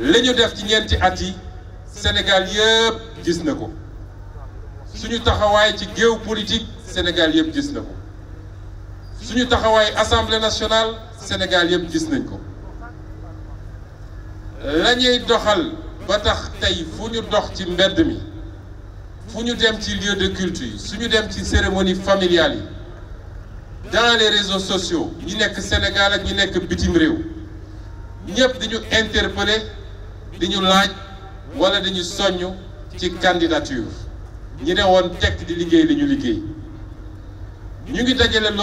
li ñu def ci ñeenti at yi Sénégal yëpp gis na ko suñu taxawaay ci géew politique Sénégal yëpp gis na ko suñu taxawaay assemblée nationale Sénégal yëpp gis nañ ko lañuy doxal ba tax fu dox mi lieu de culte yi cérémonie familiale dans les réseaux sociaux ñi nekk Sénégal ak ñi nekk bitim nous ñëpp diñu nous Nous laaj wala Nous nous ci candidature ñi ne woon di liggéey liggéey ñu ngi dajale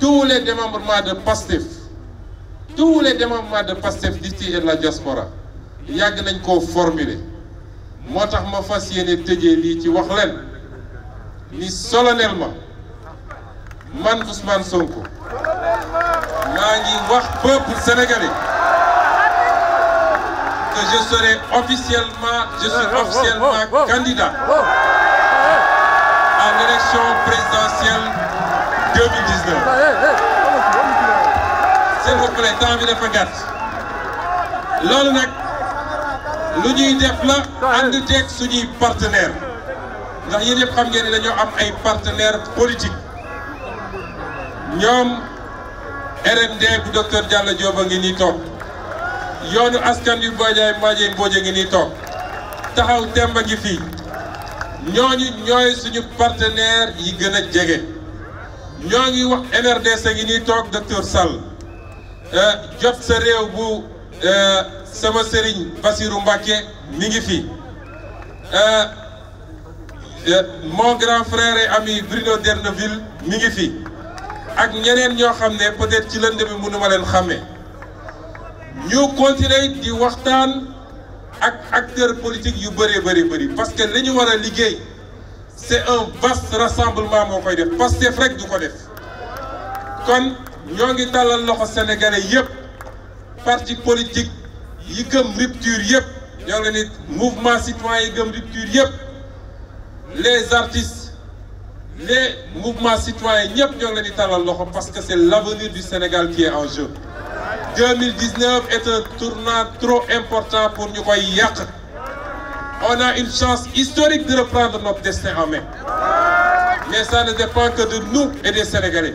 tous les démembrements de Pastef tous les demandes de Pastef et de la diaspora yàgg formuler ma ni solennellement Sonko peuple sénégalais que je serai officiellement je suis officiellement candidat à l'élection présidentielle 2019. s'il vous plaît bi dafa gàtt loolu nag lu ñuy def la ànd teeg suñuy partenaire ndax yéen yëpp xam ngeen ne dañoo am ay partenaire politique ñoom RND bu docteur Diallo Diop ngi ni toog yoonu askan wi Badiaye Madiaye Mbodj a ngi nii toog taxaw temb a ngi fii ñooñu ñooy suñu partenaire yi gën a jege ñoo ngi wax MRDC ngi nii toog docteur sàll Euh, je sa bu euh, sama euh, mon grand frère et ami Bruno Derneville mi ngi et ak ñeneen politique, peut-être acteurs politiques parce que li ñu Bruno Derneville, c'est un vaste rassemblement parce koy def vrai rek du nous, sénégalais yépp parti politique yi rupture mouvement citoyen les artistes les mouvements citoyens parce que c'est l'avenir du Sénégal qui est en jeu 2019 est un tournant trop important pour nous. on a une chance historique de reprendre notre destin en main mais ça ne dépend que de nous et des Sénégalais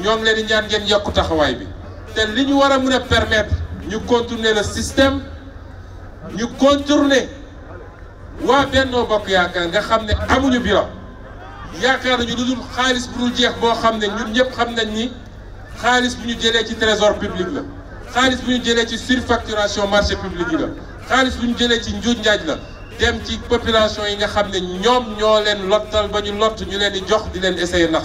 ñoo ngi leen di ñaan ngeen yokk taxawaay bi te li ñu war a mën a permettre ñu contourner le système ñu contourner waa Bennoo Bokk Yaakaar nga xam ne amuñu bureau yaakaar nañu lu dul xaalis bu dul jeex boo xam ne ñun ñëpp xam nañ ni xaalis bu ñu jëlee ci trésor public la xaalis bu ñu jëlee ci surfacturation marché public yi la xaalis bu ñu jëlee ci njuuj njaaj la dem ci population yi nga xam ne ñoom ñoo leen lottal ba ñu lott ñu leen di jox di leen essayer nax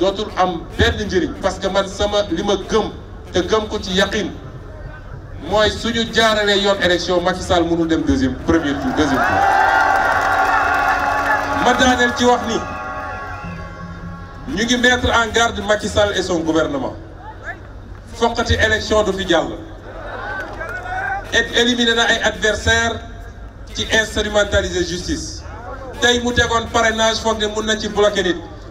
dootul am benn parce que man sama gëm te gëm ko ci élection Macky Sall premier tour deuxième tour ci wax ni mettre en garde Macky et son gouvernement foqati élection du fi et éliminer na ay adversaires ci instrumentaliser justice mu parrainage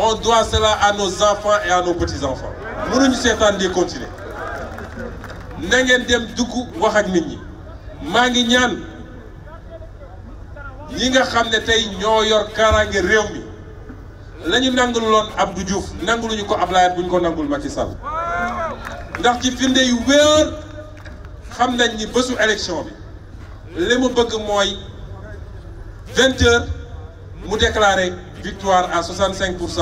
On doit cela à nos enfants et à nos petits-enfants. Nous seetaan di continuer na ngeen dem duggu wax ak nit ñi Nous ngi ñaan ñi nga xam tay ñoo yor de mi Abdou Diouf ko ko nangul Macky Sall ndax ci yu xam nañ ni élection bi bëgg victoire à 65%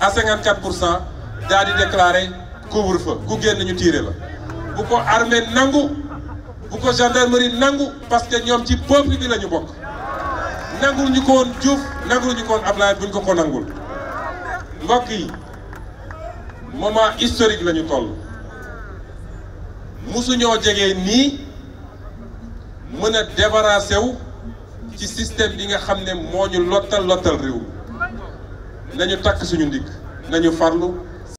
à 54% d'aller déclarer couvre-feu ku génn ñu tiire la bu ko armée nangu bu ko gendarmerie nangu parce que ñoom ci peuple bi la ñu bokk ñu ko woon Diouf n'angu. ñu ko woon Ablaye ko ko yi moment historique la ñu toll musuñoo jege nii nous a débarrassé wu ci système bi nga xam ne moo ñu lottal nañu takk suñu ndigg nañu farlu